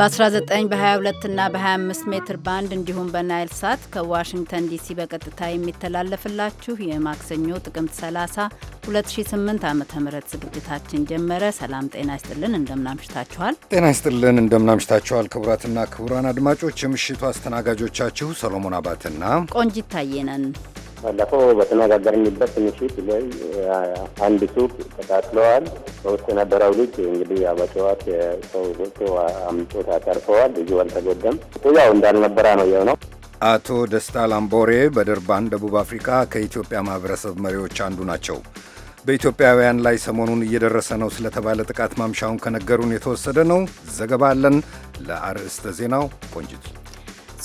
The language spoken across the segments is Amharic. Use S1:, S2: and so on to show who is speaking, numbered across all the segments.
S1: በ19 በ22 እና በ25 ሜትር ባንድ እንዲሁም በናይል ሳት ከዋሽንግተን ዲሲ በቀጥታ የሚተላለፍላችሁ የማክሰኞ ጥቅምት 30 2008 ዓ ም ዝግጅታችን ጀመረ። ሰላም ጤና ይስጥልን፣ እንደምናምሽታችኋል።
S2: ጤና ይስጥልን፣ እንደምናምሽታችኋል። ክቡራትና ክቡራን አድማጮች የምሽቱ አስተናጋጆቻችሁ ሰሎሞን አባትና
S3: ቆንጂት ታየነን ባለፈው በተነጋገርንበት ምሽት ላይ አንድ ሱቅ ተቃጥለዋል። በውስጥ የነበረው ልጅ እንግዲህ አበጫዋት ሰው ጎቶ አምጦት ተርፈዋል። ልጁ አልተጎደም። ያው እንዳልነበረ ነው የሆነው።
S2: አቶ ደስታ ላምቦሬ በደርባን ደቡብ አፍሪካ ከኢትዮጵያ ማህበረሰብ መሪዎች አንዱ ናቸው። በኢትዮጵያውያን ላይ ሰሞኑን እየደረሰ ነው ስለተባለ ጥቃት ማምሻውን ከነገሩን የተወሰደ ነው። ዘገባ አለን። ለአርዕስተ ዜናው ቆንጅት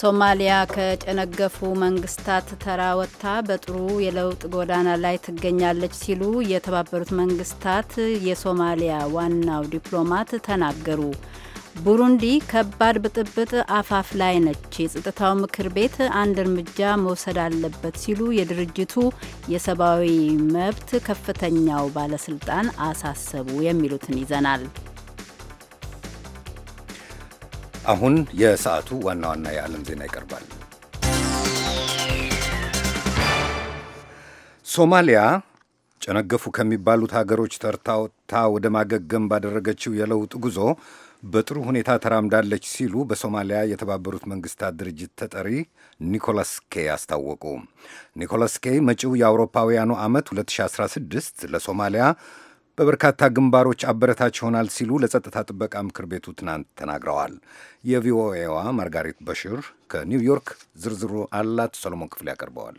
S1: ሶማሊያ ከጨነገፉ መንግስታት ተራ ወጥታ በጥሩ የለውጥ ጎዳና ላይ ትገኛለች ሲሉ የተባበሩት መንግስታት የሶማሊያ ዋናው ዲፕሎማት ተናገሩ። ቡሩንዲ ከባድ ብጥብጥ አፋፍ ላይ ነች፣ የጸጥታው ምክር ቤት አንድ እርምጃ መውሰድ አለበት ሲሉ የድርጅቱ የሰብአዊ መብት ከፍተኛው ባለስልጣን አሳሰቡ። የሚሉትን ይዘናል።
S2: አሁን የሰዓቱ ዋና ዋና የዓለም ዜና ይቀርባል። ሶማሊያ ጨነገፉ ከሚባሉት ሀገሮች ተርታውታ ወደ ማገገም ባደረገችው የለውጥ ጉዞ በጥሩ ሁኔታ ተራምዳለች ሲሉ በሶማሊያ የተባበሩት መንግስታት ድርጅት ተጠሪ ኒኮላስ ኬይ አስታወቁ። ኒኮላስ ኬይ መጪው የአውሮፓውያኑ ዓመት 2016 ለሶማሊያ በበርካታ ግንባሮች አበረታች ይሆናል ሲሉ ለጸጥታ ጥበቃ ምክር ቤቱ ትናንት ተናግረዋል። የቪኦኤዋ ማርጋሪት በሽር ከኒውዮርክ ዝርዝሩ አላት። ሰሎሞን ክፍል ያቀርበዋል።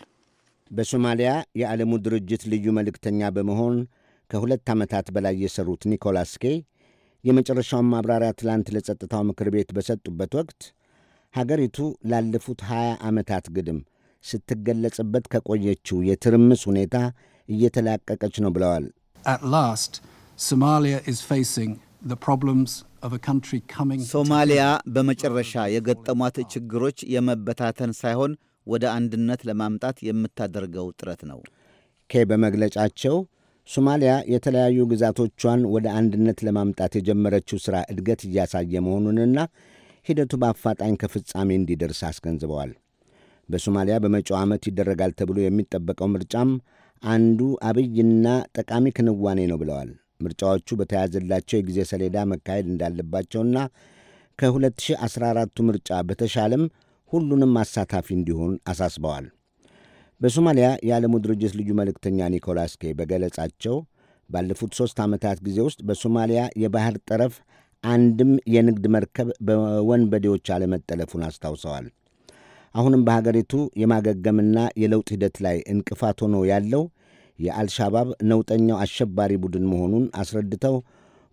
S4: በሶማሊያ የዓለሙ ድርጅት ልዩ መልእክተኛ በመሆን ከሁለት ዓመታት በላይ የሠሩት ኒኮላስ ኬይ የመጨረሻውን ማብራሪያ ትላንት ለጸጥታው ምክር ቤት በሰጡበት ወቅት ሀገሪቱ ላለፉት 20 ዓመታት ግድም ስትገለጽበት ከቆየችው የትርምስ ሁኔታ እየተላቀቀች ነው ብለዋል።
S5: at last, Somalia is facing the problems of a country coming.
S6: ሶማሊያ በመጨረሻ የገጠሟት ችግሮች የመበታተን ሳይሆን ወደ አንድነት ለማምጣት የምታደርገው ጥረት ነው።
S4: ኬ በመግለጫቸው ሶማሊያ የተለያዩ ግዛቶቿን ወደ አንድነት ለማምጣት የጀመረችው ሥራ እድገት እያሳየ መሆኑንና ሂደቱ በአፋጣኝ ከፍጻሜ እንዲደርስ አስገንዝበዋል። በሶማሊያ በመጪው ዓመት ይደረጋል ተብሎ የሚጠበቀው ምርጫም አንዱ አብይና ጠቃሚ ክንዋኔ ነው ብለዋል። ምርጫዎቹ በተያዘላቸው የጊዜ ሰሌዳ መካሄድ እንዳለባቸውና ከ2014ቱ ምርጫ በተሻለም ሁሉንም አሳታፊ እንዲሆን አሳስበዋል። በሶማሊያ የዓለሙ ድርጅት ልዩ መልእክተኛ ኒኮላስ ኬ በገለጻቸው ባለፉት ሦስት ዓመታት ጊዜ ውስጥ በሶማሊያ የባህር ጠረፍ አንድም የንግድ መርከብ በወንበዴዎች አለመጠለፉን አስታውሰዋል። አሁንም በሀገሪቱ የማገገምና የለውጥ ሂደት ላይ እንቅፋት ሆኖ ያለው የአልሻባብ ነውጠኛው አሸባሪ ቡድን መሆኑን አስረድተው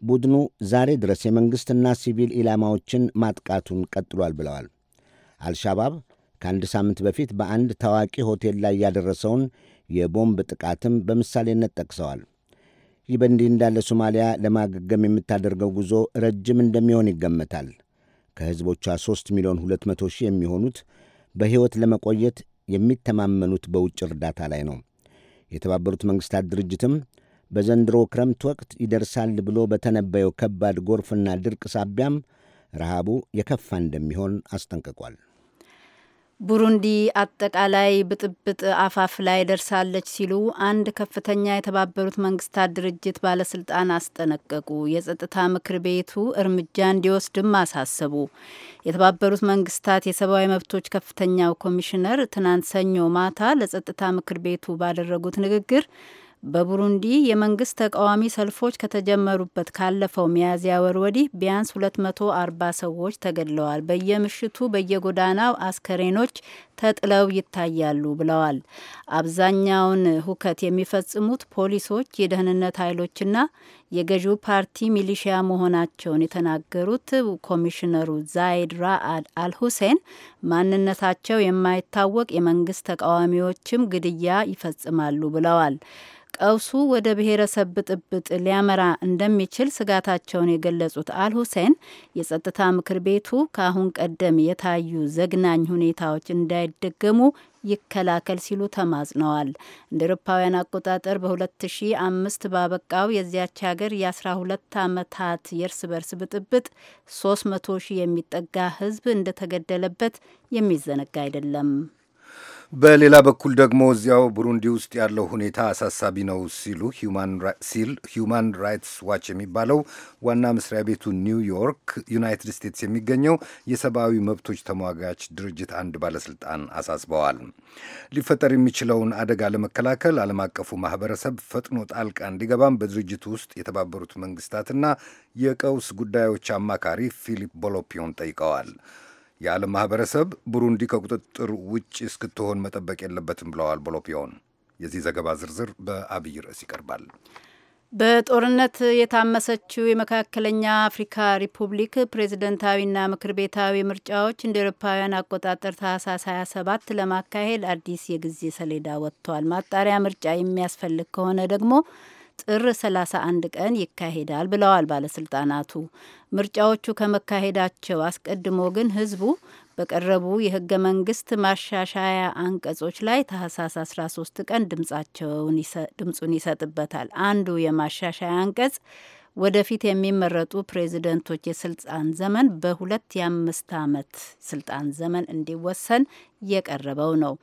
S4: ቡድኑ ዛሬ ድረስ የመንግሥትና ሲቪል ኢላማዎችን ማጥቃቱን ቀጥሏል ብለዋል። አልሻባብ ከአንድ ሳምንት በፊት በአንድ ታዋቂ ሆቴል ላይ ያደረሰውን የቦምብ ጥቃትም በምሳሌነት ጠቅሰዋል። ይህ በእንዲህ እንዳለ ሶማሊያ ለማገገም የምታደርገው ጉዞ ረጅም እንደሚሆን ይገመታል። ከሕዝቦቿ 3 ሚሊዮን 200 ሺህ የሚሆኑት በሕይወት ለመቆየት የሚተማመኑት በውጭ እርዳታ ላይ ነው። የተባበሩት መንግሥታት ድርጅትም በዘንድሮ ክረምት ወቅት ይደርሳል ብሎ በተነበየው ከባድ ጎርፍና ድርቅ ሳቢያም ረሃቡ የከፋ እንደሚሆን አስጠንቅቋል።
S1: ቡሩንዲ አጠቃላይ ብጥብጥ አፋፍ ላይ ደርሳለች ሲሉ አንድ ከፍተኛ የተባበሩት መንግስታት ድርጅት ባለስልጣን አስጠነቀቁ። የጸጥታ ምክር ቤቱ እርምጃ እንዲወስድም አሳሰቡ። የተባበሩት መንግስታት የሰብአዊ መብቶች ከፍተኛው ኮሚሽነር ትናንት ሰኞ ማታ ለጸጥታ ምክር ቤቱ ባደረጉት ንግግር በቡሩንዲ የመንግስት ተቃዋሚ ሰልፎች ከተጀመሩበት ካለፈው ሚያዝያ ወር ወዲህ ቢያንስ 240 ሰዎች ተገድለዋል። በየምሽቱ በየጎዳናው አስከሬኖች ተጥለው ይታያሉ ብለዋል። አብዛኛውን ሁከት የሚፈጽሙት ፖሊሶች፣ የደህንነት ኃይሎችና የገዢው ፓርቲ ሚሊሺያ መሆናቸውን የተናገሩት ኮሚሽነሩ ዛይድ ራአድ አልሁሴን ማንነታቸው የማይታወቅ የመንግስት ተቃዋሚዎችም ግድያ ይፈጽማሉ ብለዋል። ቀውሱ ወደ ብሔረሰብ ብጥብጥ ሊያመራ እንደሚችል ስጋታቸውን የገለጹት አልሁሴን የጸጥታ ምክር ቤቱ ከአሁን ቀደም የታዩ ዘግናኝ ሁኔታዎች እንዳይደገሙ ይከላከል ሲሉ ተማጽነዋል። እንደ ኤሮፓውያን አቆጣጠር በ2005 ባበቃው የዚያች ሀገር የ12 ዓመታት የእርስ በርስ ብጥብጥ 300 ሺህ የሚጠጋ ህዝብ እንደተገደለበት የሚዘነጋ አይደለም።
S2: በሌላ በኩል ደግሞ እዚያው ቡሩንዲ ውስጥ ያለው ሁኔታ አሳሳቢ ነው ሲሉ ሲል ሂዩማን ራይትስ ዋች የሚባለው ዋና መስሪያ ቤቱ ኒውዮርክ፣ ዩናይትድ ስቴትስ የሚገኘው የሰብአዊ መብቶች ተሟጋች ድርጅት አንድ ባለስልጣን አሳስበዋል። ሊፈጠር የሚችለውን አደጋ ለመከላከል ዓለም አቀፉ ማህበረሰብ ፈጥኖ ጣልቃ እንዲገባም በድርጅቱ ውስጥ የተባበሩት መንግስታትና የቀውስ ጉዳዮች አማካሪ ፊሊፕ ቦሎፒዮን ጠይቀዋል። የዓለም ማህበረሰብ ቡሩንዲ ከቁጥጥር ውጭ እስክትሆን መጠበቅ የለበትም ብለዋል ቦሎፒዮን። የዚህ ዘገባ ዝርዝር በአብይ ርዕስ ይቀርባል።
S1: በጦርነት የታመሰችው የመካከለኛ አፍሪካ ሪፑብሊክ ፕሬዝደንታዊና ምክር ቤታዊ ምርጫዎች እንደ ኤሮፓውያን አቆጣጠር ታህሳስ 27 ለማካሄድ አዲስ የጊዜ ሰሌዳ ወጥቷል። ማጣሪያ ምርጫ የሚያስፈልግ ከሆነ ደግሞ ጥር 31 ቀን ይካሄዳል ብለዋል ባለስልጣናቱ። ምርጫዎቹ ከመካሄዳቸው አስቀድሞ ግን ህዝቡ በቀረቡ የህገ መንግስት ማሻሻያ አንቀጾች ላይ ታህሳስ 13 ቀን ድምጻቸውን ድምጹን ይሰጥበታል። አንዱ የማሻሻያ አንቀጽ ወደፊት የሚመረጡ ፕሬዚደንቶች የስልጣን ዘመን በሁለት የአምስት ዓመት ስልጣን ዘመን እንዲወሰን የቀረበው ነው።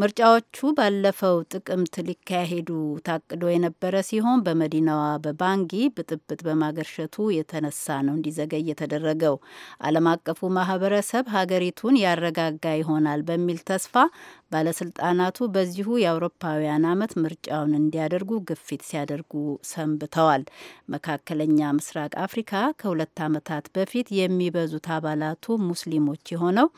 S1: ምርጫዎቹ ባለፈው ጥቅምት ሊካሄዱ ታቅዶ የነበረ ሲሆን በመዲናዋ በባንጊ ብጥብጥ በማገርሸቱ የተነሳ ነው እንዲዘገይ የተደረገው። ዓለም አቀፉ ማህበረሰብ ሀገሪቱን ያረጋጋ ይሆናል በሚል ተስፋ ባለስልጣናቱ በዚሁ የአውሮፓውያን አመት ምርጫውን እንዲያደርጉ ግፊት ሲያደርጉ ሰንብተዋል። መካከለኛ ምስራቅ አፍሪካ ከሁለት ዓመታት በፊት የሚበዙት አባላቱ ሙስሊሞች የሆነው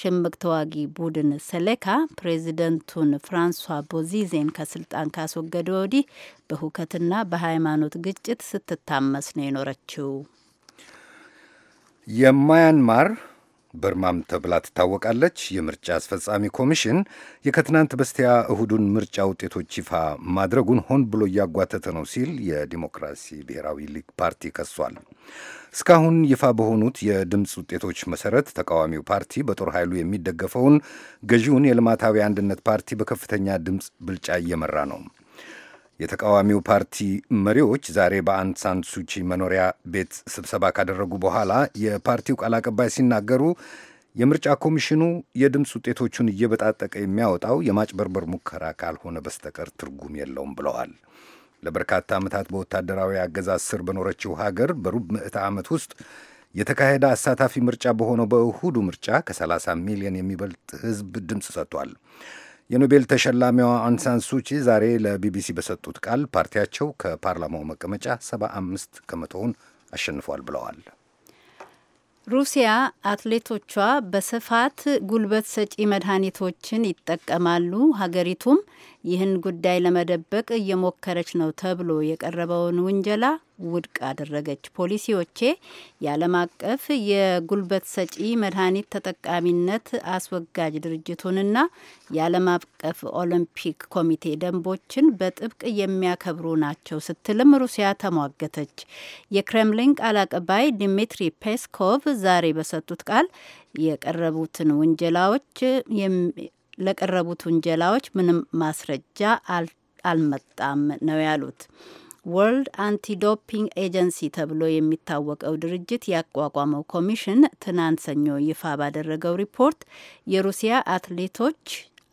S1: ሽምቅ ተዋጊ ቡድን ሰሌካ ፕሬዚደንቱን ፍራንሷ ቦዚዜን ከስልጣን ካስወገደ ወዲህ በሁከትና በሃይማኖት ግጭት ስትታመስ ነው የኖረችው።
S2: የማያንማር በርማም ተብላ ትታወቃለች። የምርጫ አስፈጻሚ ኮሚሽን የከትናንት በስቲያ እሁዱን ምርጫ ውጤቶች ይፋ ማድረጉን ሆን ብሎ እያጓተተ ነው ሲል የዲሞክራሲ ብሔራዊ ሊግ ፓርቲ ከሷል። እስካሁን ይፋ በሆኑት የድምፅ ውጤቶች መሰረት ተቃዋሚው ፓርቲ በጦር ኃይሉ የሚደገፈውን ገዢውን የልማታዊ አንድነት ፓርቲ በከፍተኛ ድምፅ ብልጫ እየመራ ነው። የተቃዋሚው ፓርቲ መሪዎች ዛሬ በአንድ ሳንሱቺ መኖሪያ ቤት ስብሰባ ካደረጉ በኋላ የፓርቲው ቃል አቀባይ ሲናገሩ የምርጫ ኮሚሽኑ የድምፅ ውጤቶቹን እየበጣጠቀ የሚያወጣው የማጭበርበር ሙከራ ካልሆነ በስተቀር ትርጉም የለውም ብለዋል። ለበርካታ ዓመታት በወታደራዊ አገዛዝ ስር በኖረችው ሀገር በሩብ ምዕተ ዓመት ውስጥ የተካሄደ አሳታፊ ምርጫ በሆነው በእሁዱ ምርጫ ከ30 ሚሊዮን የሚበልጥ ሕዝብ ድምፅ ሰጥቷል። የኖቤል ተሸላሚዋ አንሳን ሱቺ ዛሬ ለቢቢሲ በሰጡት ቃል ፓርቲያቸው ከፓርላማው መቀመጫ 75 ከመቶውን አሸንፏል ብለዋል።
S1: ሩሲያ አትሌቶቿ በስፋት ጉልበት ሰጪ መድኃኒቶችን ይጠቀማሉ፣ ሀገሪቱም ይህን ጉዳይ ለመደበቅ እየሞከረች ነው ተብሎ የቀረበውን ውንጀላ ውድቅ አደረገች። ፖሊሲዎቼ የዓለም አቀፍ የጉልበት ሰጪ መድኃኒት ተጠቃሚነት አስወጋጅ ድርጅቱንና የዓለም አቀፍ ኦሎምፒክ ኮሚቴ ደንቦችን በጥብቅ የሚያከብሩ ናቸው ስትልም ሩሲያ ተሟገተች። የክሬምሊን ቃል አቀባይ ዲሚትሪ ፔስኮቭ ዛሬ በሰጡት ቃል የቀረቡትን ውንጀላዎች ለቀረቡት ውንጀላዎች ምንም ማስረጃ አልመጣም ነው ያሉት። ወርልድ አንቲ ዶፒንግ ኤጀንሲ ተብሎ የሚታወቀው ድርጅት ያቋቋመው ኮሚሽን ትናንት ሰኞ ይፋ ባደረገው ሪፖርት የሩሲያ አትሌቶች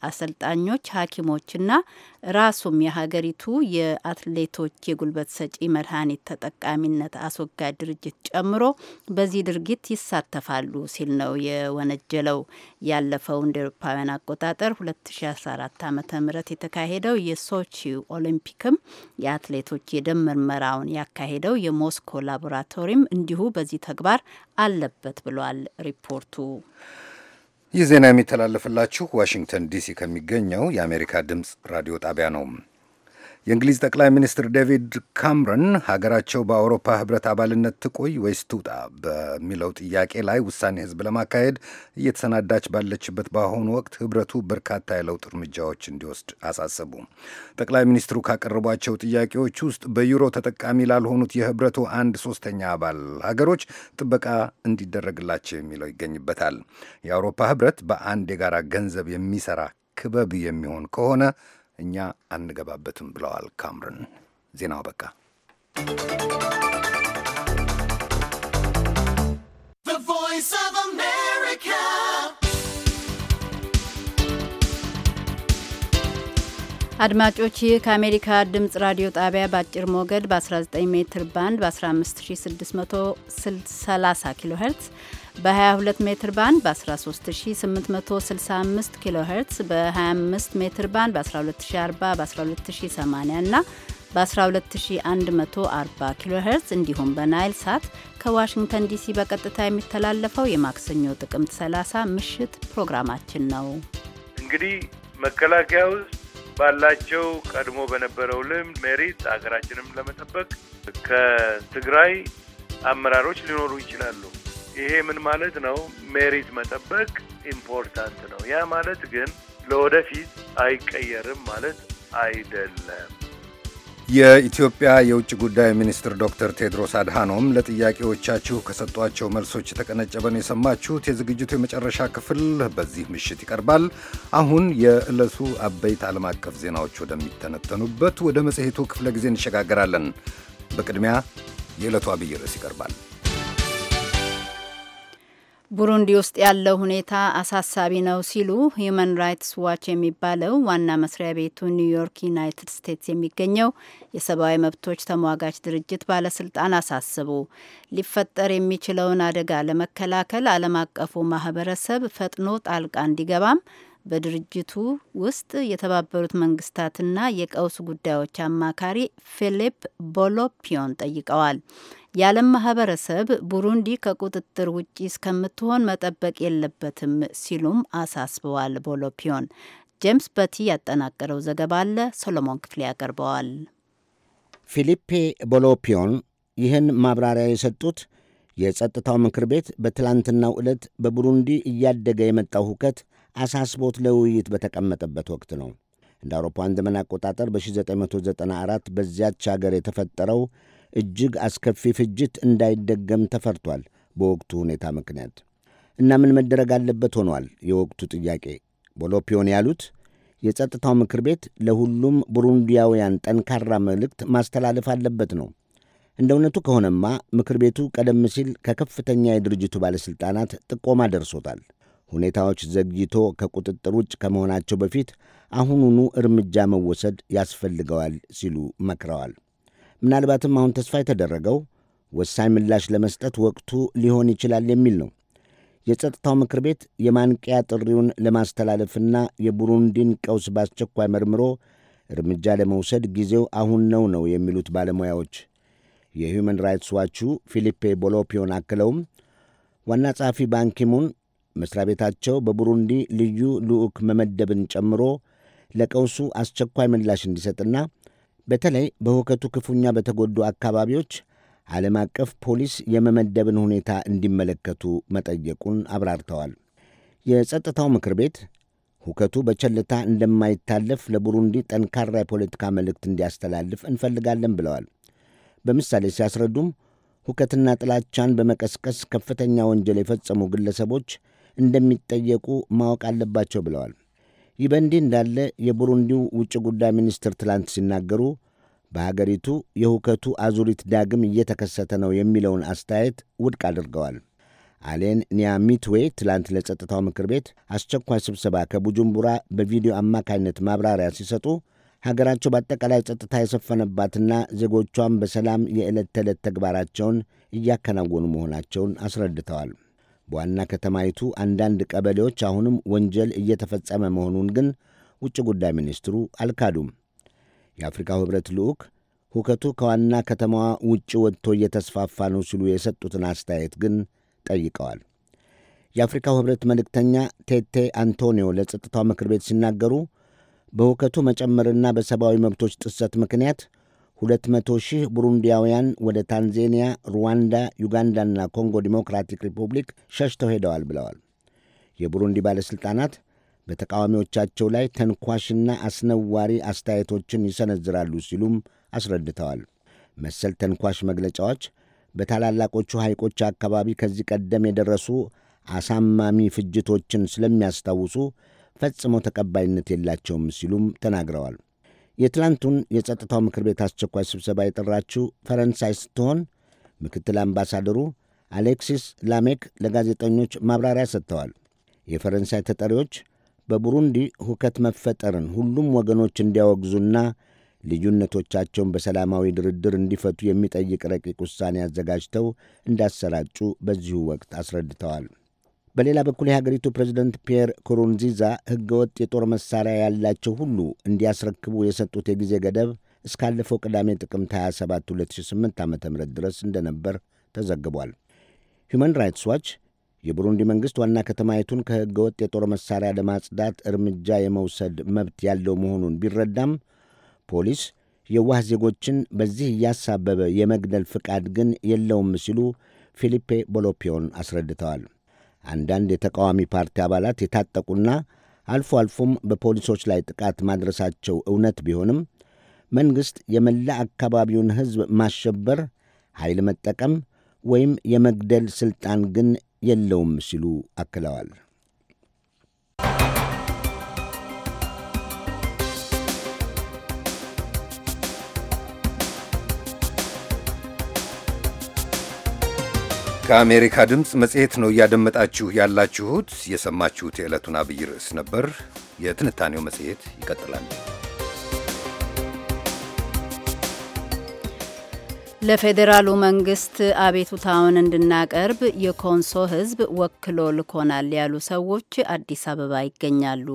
S1: አሰልጣኞች፣ ሐኪሞችና ራሱም የሀገሪቱ የአትሌቶች የጉልበት ሰጪ መድኃኒት ተጠቃሚነት አስወጋጅ ድርጅት ጨምሮ በዚህ ድርጊት ይሳተፋሉ ሲል ነው የወነጀለው። ያለፈው እንደ ኤሮፓውያን አቆጣጠር 2014 ዓ ም የተካሄደው የሶቺ ኦሊምፒክም የአትሌቶች የደም ምርመራውን ያካሄደው የሞስኮ ላቦራቶሪም እንዲሁ በዚህ ተግባር አለበት ብሏል ሪፖርቱ።
S2: ይህ ዜና የሚተላለፍላችሁ ዋሽንግተን ዲሲ ከሚገኘው የአሜሪካ ድምፅ ራዲዮ ጣቢያ ነው። የእንግሊዝ ጠቅላይ ሚኒስትር ዴቪድ ካምረን ሀገራቸው በአውሮፓ ህብረት አባልነት ትቆይ ወይስ ትውጣ በሚለው ጥያቄ ላይ ውሳኔ ህዝብ ለማካሄድ እየተሰናዳች ባለችበት በአሁኑ ወቅት ህብረቱ በርካታ የለውጥ እርምጃዎች እንዲወስድ አሳሰቡ። ጠቅላይ ሚኒስትሩ ካቀረቧቸው ጥያቄዎች ውስጥ በዩሮ ተጠቃሚ ላልሆኑት የህብረቱ አንድ ሶስተኛ አባል ሀገሮች ጥበቃ እንዲደረግላቸው የሚለው ይገኝበታል። የአውሮፓ ህብረት በአንድ የጋራ ገንዘብ የሚሰራ ክበብ የሚሆን ከሆነ እኛ አንገባበትም ብለዋል ካምርን ዜናው በቃ።
S1: አድማጮች ይህ ከአሜሪካ ድምጽ ራዲዮ ጣቢያ በአጭር ሞገድ በ19 ሜትር ባንድ በ15630 ኪሎ ሄርትስ በ22 ሜትር ባንድ በ13865 ኪሎ ሄርትስ በ25 ሜትር ባንድ በ 1240 በ 1280 እና በ12140 ኪሎ ሄርትስ እንዲሁም በናይል ሳት ከዋሽንግተን ዲሲ በቀጥታ የሚተላለፈው የማክሰኞ ጥቅምት 30 ምሽት ፕሮግራማችን ነው።
S7: እንግዲህ መከላከያ ውስጥ ባላቸው ቀድሞ በነበረው ልምድ ሜሪት ሀገራችንም ለመጠበቅ ከትግራይ አመራሮች ሊኖሩ ይችላሉ ይሄ ምን ማለት ነው? ሜሪት መጠበቅ ኢምፖርታንት ነው። ያ ማለት ግን ለወደፊት አይቀየርም ማለት አይደለም።
S2: የኢትዮጵያ የውጭ ጉዳይ ሚኒስትር ዶክተር ቴድሮስ አድሃኖም ለጥያቄዎቻችሁ ከሰጧቸው መልሶች የተቀነጨበ ነው የሰማችሁት። የዝግጅቱ የመጨረሻ ክፍል በዚህ ምሽት ይቀርባል። አሁን የዕለቱ አበይት ዓለም አቀፍ ዜናዎች ወደሚተነተኑበት ወደ መጽሔቱ ክፍለ ጊዜ እንሸጋገራለን። በቅድሚያ የዕለቱ አብይ ርዕስ ይቀርባል።
S1: ቡሩንዲ ውስጥ ያለው ሁኔታ አሳሳቢ ነው ሲሉ ሂዩማን ራይትስ ዋች የሚባለው ዋና መስሪያ ቤቱ ኒውዮርክ ዩናይትድ ስቴትስ የሚገኘው የሰብአዊ መብቶች ተሟጋች ድርጅት ባለስልጣን አሳስቡ። ሊፈጠር የሚችለውን አደጋ ለመከላከል ዓለም አቀፉ ማህበረሰብ ፈጥኖ ጣልቃ እንዲገባም በድርጅቱ ውስጥ የተባበሩት መንግስታትና የቀውስ ጉዳዮች አማካሪ ፊሊፕ ቦሎፒዮን ጠይቀዋል። የዓለም ማህበረሰብ ቡሩንዲ ከቁጥጥር ውጪ እስከምትሆን መጠበቅ የለበትም ሲሉም አሳስበዋል። ቦሎፒዮን ጄምስ በቲ ያጠናቀረው ዘገባ አለ፣ ሰሎሞን ክፍሌ ያቀርበዋል።
S4: ፊሊፔ ቦሎፒዮን ይህን ማብራሪያ የሰጡት የጸጥታው ምክር ቤት በትላንትናው ዕለት በቡሩንዲ እያደገ የመጣው ሁከት አሳስቦት ለውይይት በተቀመጠበት ወቅት ነው። እንደ አውሮፓውያን ዘመን አቆጣጠር በ1994 በዚያች አገር የተፈጠረው እጅግ አስከፊ ፍጅት እንዳይደገም ተፈርቷል። በወቅቱ ሁኔታ ምክንያት እና ምን መደረግ አለበት ሆኗል የወቅቱ ጥያቄ። ቦሎፒዮን ያሉት የጸጥታው ምክር ቤት ለሁሉም ቡሩንዲያውያን ጠንካራ መልእክት ማስተላለፍ አለበት ነው። እንደ እውነቱ ከሆነማ ምክር ቤቱ ቀደም ሲል ከከፍተኛ የድርጅቱ ባለሥልጣናት ጥቆማ ደርሶታል። ሁኔታዎች ዘግይቶ ከቁጥጥር ውጭ ከመሆናቸው በፊት አሁኑኑ እርምጃ መወሰድ ያስፈልገዋል ሲሉ መክረዋል። ምናልባትም አሁን ተስፋ የተደረገው ወሳኝ ምላሽ ለመስጠት ወቅቱ ሊሆን ይችላል የሚል ነው። የጸጥታው ምክር ቤት የማንቂያ ጥሪውን ለማስተላለፍና የቡሩንዲን ቀውስ በአስቸኳይ መርምሮ እርምጃ ለመውሰድ ጊዜው አሁን ነው ነው የሚሉት ባለሙያዎች። የሁመን ራይትስ ዋቹ ፊሊፔ ቦሎፒዮን አክለውም ዋና ጸሐፊ ባንኪሙን መሥሪያ ቤታቸው በቡሩንዲ ልዩ ልዑክ መመደብን ጨምሮ ለቀውሱ አስቸኳይ ምላሽ እንዲሰጥና በተለይ በሁከቱ ክፉኛ በተጎዱ አካባቢዎች ዓለም አቀፍ ፖሊስ የመመደብን ሁኔታ እንዲመለከቱ መጠየቁን አብራርተዋል። የጸጥታው ምክር ቤት ሁከቱ በቸልታ እንደማይታለፍ ለቡሩንዲ ጠንካራ የፖለቲካ መልእክት እንዲያስተላልፍ እንፈልጋለን ብለዋል። በምሳሌ ሲያስረዱም ሁከትና ጥላቻን በመቀስቀስ ከፍተኛ ወንጀል የፈጸሙ ግለሰቦች እንደሚጠየቁ ማወቅ አለባቸው ብለዋል። ይህ በእንዲህ እንዳለ የቡሩንዲው ውጭ ጉዳይ ሚኒስትር ትላንት ሲናገሩ በሀገሪቱ የሁከቱ አዙሪት ዳግም እየተከሰተ ነው የሚለውን አስተያየት ውድቅ አድርገዋል። አሌን ኒያሚትዌ ትላንት ለጸጥታው ምክር ቤት አስቸኳይ ስብሰባ ከቡጁምቡራ በቪዲዮ አማካኝነት ማብራሪያ ሲሰጡ ሀገራቸው በአጠቃላይ ጸጥታ የሰፈነባትና ዜጎቿም በሰላም የዕለት ተዕለት ተግባራቸውን እያከናወኑ መሆናቸውን አስረድተዋል። በዋና ከተማይቱ አንዳንድ ቀበሌዎች አሁንም ወንጀል እየተፈጸመ መሆኑን ግን ውጭ ጉዳይ ሚኒስትሩ አልካዱም። የአፍሪካው ኅብረት ልዑክ ሁከቱ ከዋና ከተማዋ ውጭ ወጥቶ እየተስፋፋ ነው ሲሉ የሰጡትን አስተያየት ግን ጠይቀዋል። የአፍሪካው ኅብረት መልእክተኛ ቴቴ አንቶኒዮ ለጸጥታው ምክር ቤት ሲናገሩ በሁከቱ መጨመርና በሰብአዊ መብቶች ጥሰት ምክንያት 200 ሺህ ቡሩንዲያውያን ወደ ታንዜኒያ፣ ሩዋንዳ፣ ዩጋንዳና ኮንጎ ዲሞክራቲክ ሪፑብሊክ ሸሽተው ሄደዋል ብለዋል። የቡሩንዲ ባለሥልጣናት በተቃዋሚዎቻቸው ላይ ተንኳሽና አስነዋሪ አስተያየቶችን ይሰነዝራሉ ሲሉም አስረድተዋል። መሰል ተንኳሽ መግለጫዎች በታላላቆቹ ሐይቆች አካባቢ ከዚህ ቀደም የደረሱ አሳማሚ ፍጅቶችን ስለሚያስታውሱ ፈጽሞ ተቀባይነት የላቸውም ሲሉም ተናግረዋል። የትላንቱን የጸጥታው ምክር ቤት አስቸኳይ ስብሰባ የጠራችው ፈረንሳይ ስትሆን ምክትል አምባሳደሩ አሌክሲስ ላሜክ ለጋዜጠኞች ማብራሪያ ሰጥተዋል። የፈረንሳይ ተጠሪዎች በቡሩንዲ ሁከት መፈጠርን ሁሉም ወገኖች እንዲያወግዙና ልዩነቶቻቸውን በሰላማዊ ድርድር እንዲፈቱ የሚጠይቅ ረቂቅ ውሳኔ አዘጋጅተው እንዳሰራጩ በዚሁ ወቅት አስረድተዋል። በሌላ በኩል የሀገሪቱ ፕሬዚደንት ፒየር ኩሩንዚዛ ሕገወጥ የጦር መሳሪያ ያላቸው ሁሉ እንዲያስረክቡ የሰጡት የጊዜ ገደብ እስካለፈው ቅዳሜ ጥቅምት 27 2008 ዓ ም ድረስ እንደነበር ተዘግቧል። ሁማን ራይትስ ዋች የቡሩንዲ መንግሥት ዋና ከተማይቱን ወጥ የጦር መሳሪያ ለማጽዳት እርምጃ የመውሰድ መብት ያለው መሆኑን ቢረዳም ፖሊስ የዋህ ዜጎችን በዚህ እያሳበበ የመግደል ፍቃድ ግን የለውም ሲሉ ፊሊፔ ቦሎፒዮን አስረድተዋል። አንዳንድ የተቃዋሚ ፓርቲ አባላት የታጠቁና አልፎ አልፎም በፖሊሶች ላይ ጥቃት ማድረሳቸው እውነት ቢሆንም መንግሥት የመላ አካባቢውን ሕዝብ ማሸበር፣ ኃይል መጠቀም ወይም የመግደል ሥልጣን ግን የለውም ሲሉ አክለዋል።
S2: ከአሜሪካ ድምፅ መጽሔት ነው እያደመጣችሁ ያላችሁት። የሰማችሁት የዕለቱን አብይ ርዕስ ነበር። የትንታኔው መጽሔት ይቀጥላል።
S1: ለፌዴራሉ መንግስት አቤቱታውን እንድናቀርብ የኮንሶ ህዝብ ወክሎ ልኮናል ያሉ ሰዎች አዲስ አበባ ይገኛሉ።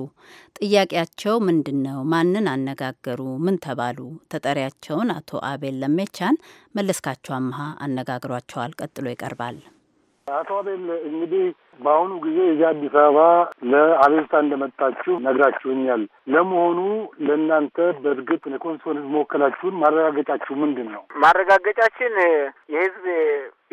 S1: ጥያቄያቸው ምንድን ነው? ማንን አነጋገሩ? ምን ተባሉ? ተጠሪያቸውን አቶ አቤል ለሜቻን መለስካቸው አምሃ አነጋግሯቸዋል። ቀጥሎ ይቀርባል።
S8: አቶ አቤል እንግዲህ በአሁኑ ጊዜ እዚህ አዲስ አበባ ለአቤቱታ እንደመጣችሁ ነግራችሁኛል። ለመሆኑ ለእናንተ በእርግጥ የኮንሶን ህዝብ መወከላችሁን ማረጋገጫችሁ ምንድን ነው?
S9: ማረጋገጫችን የህዝብ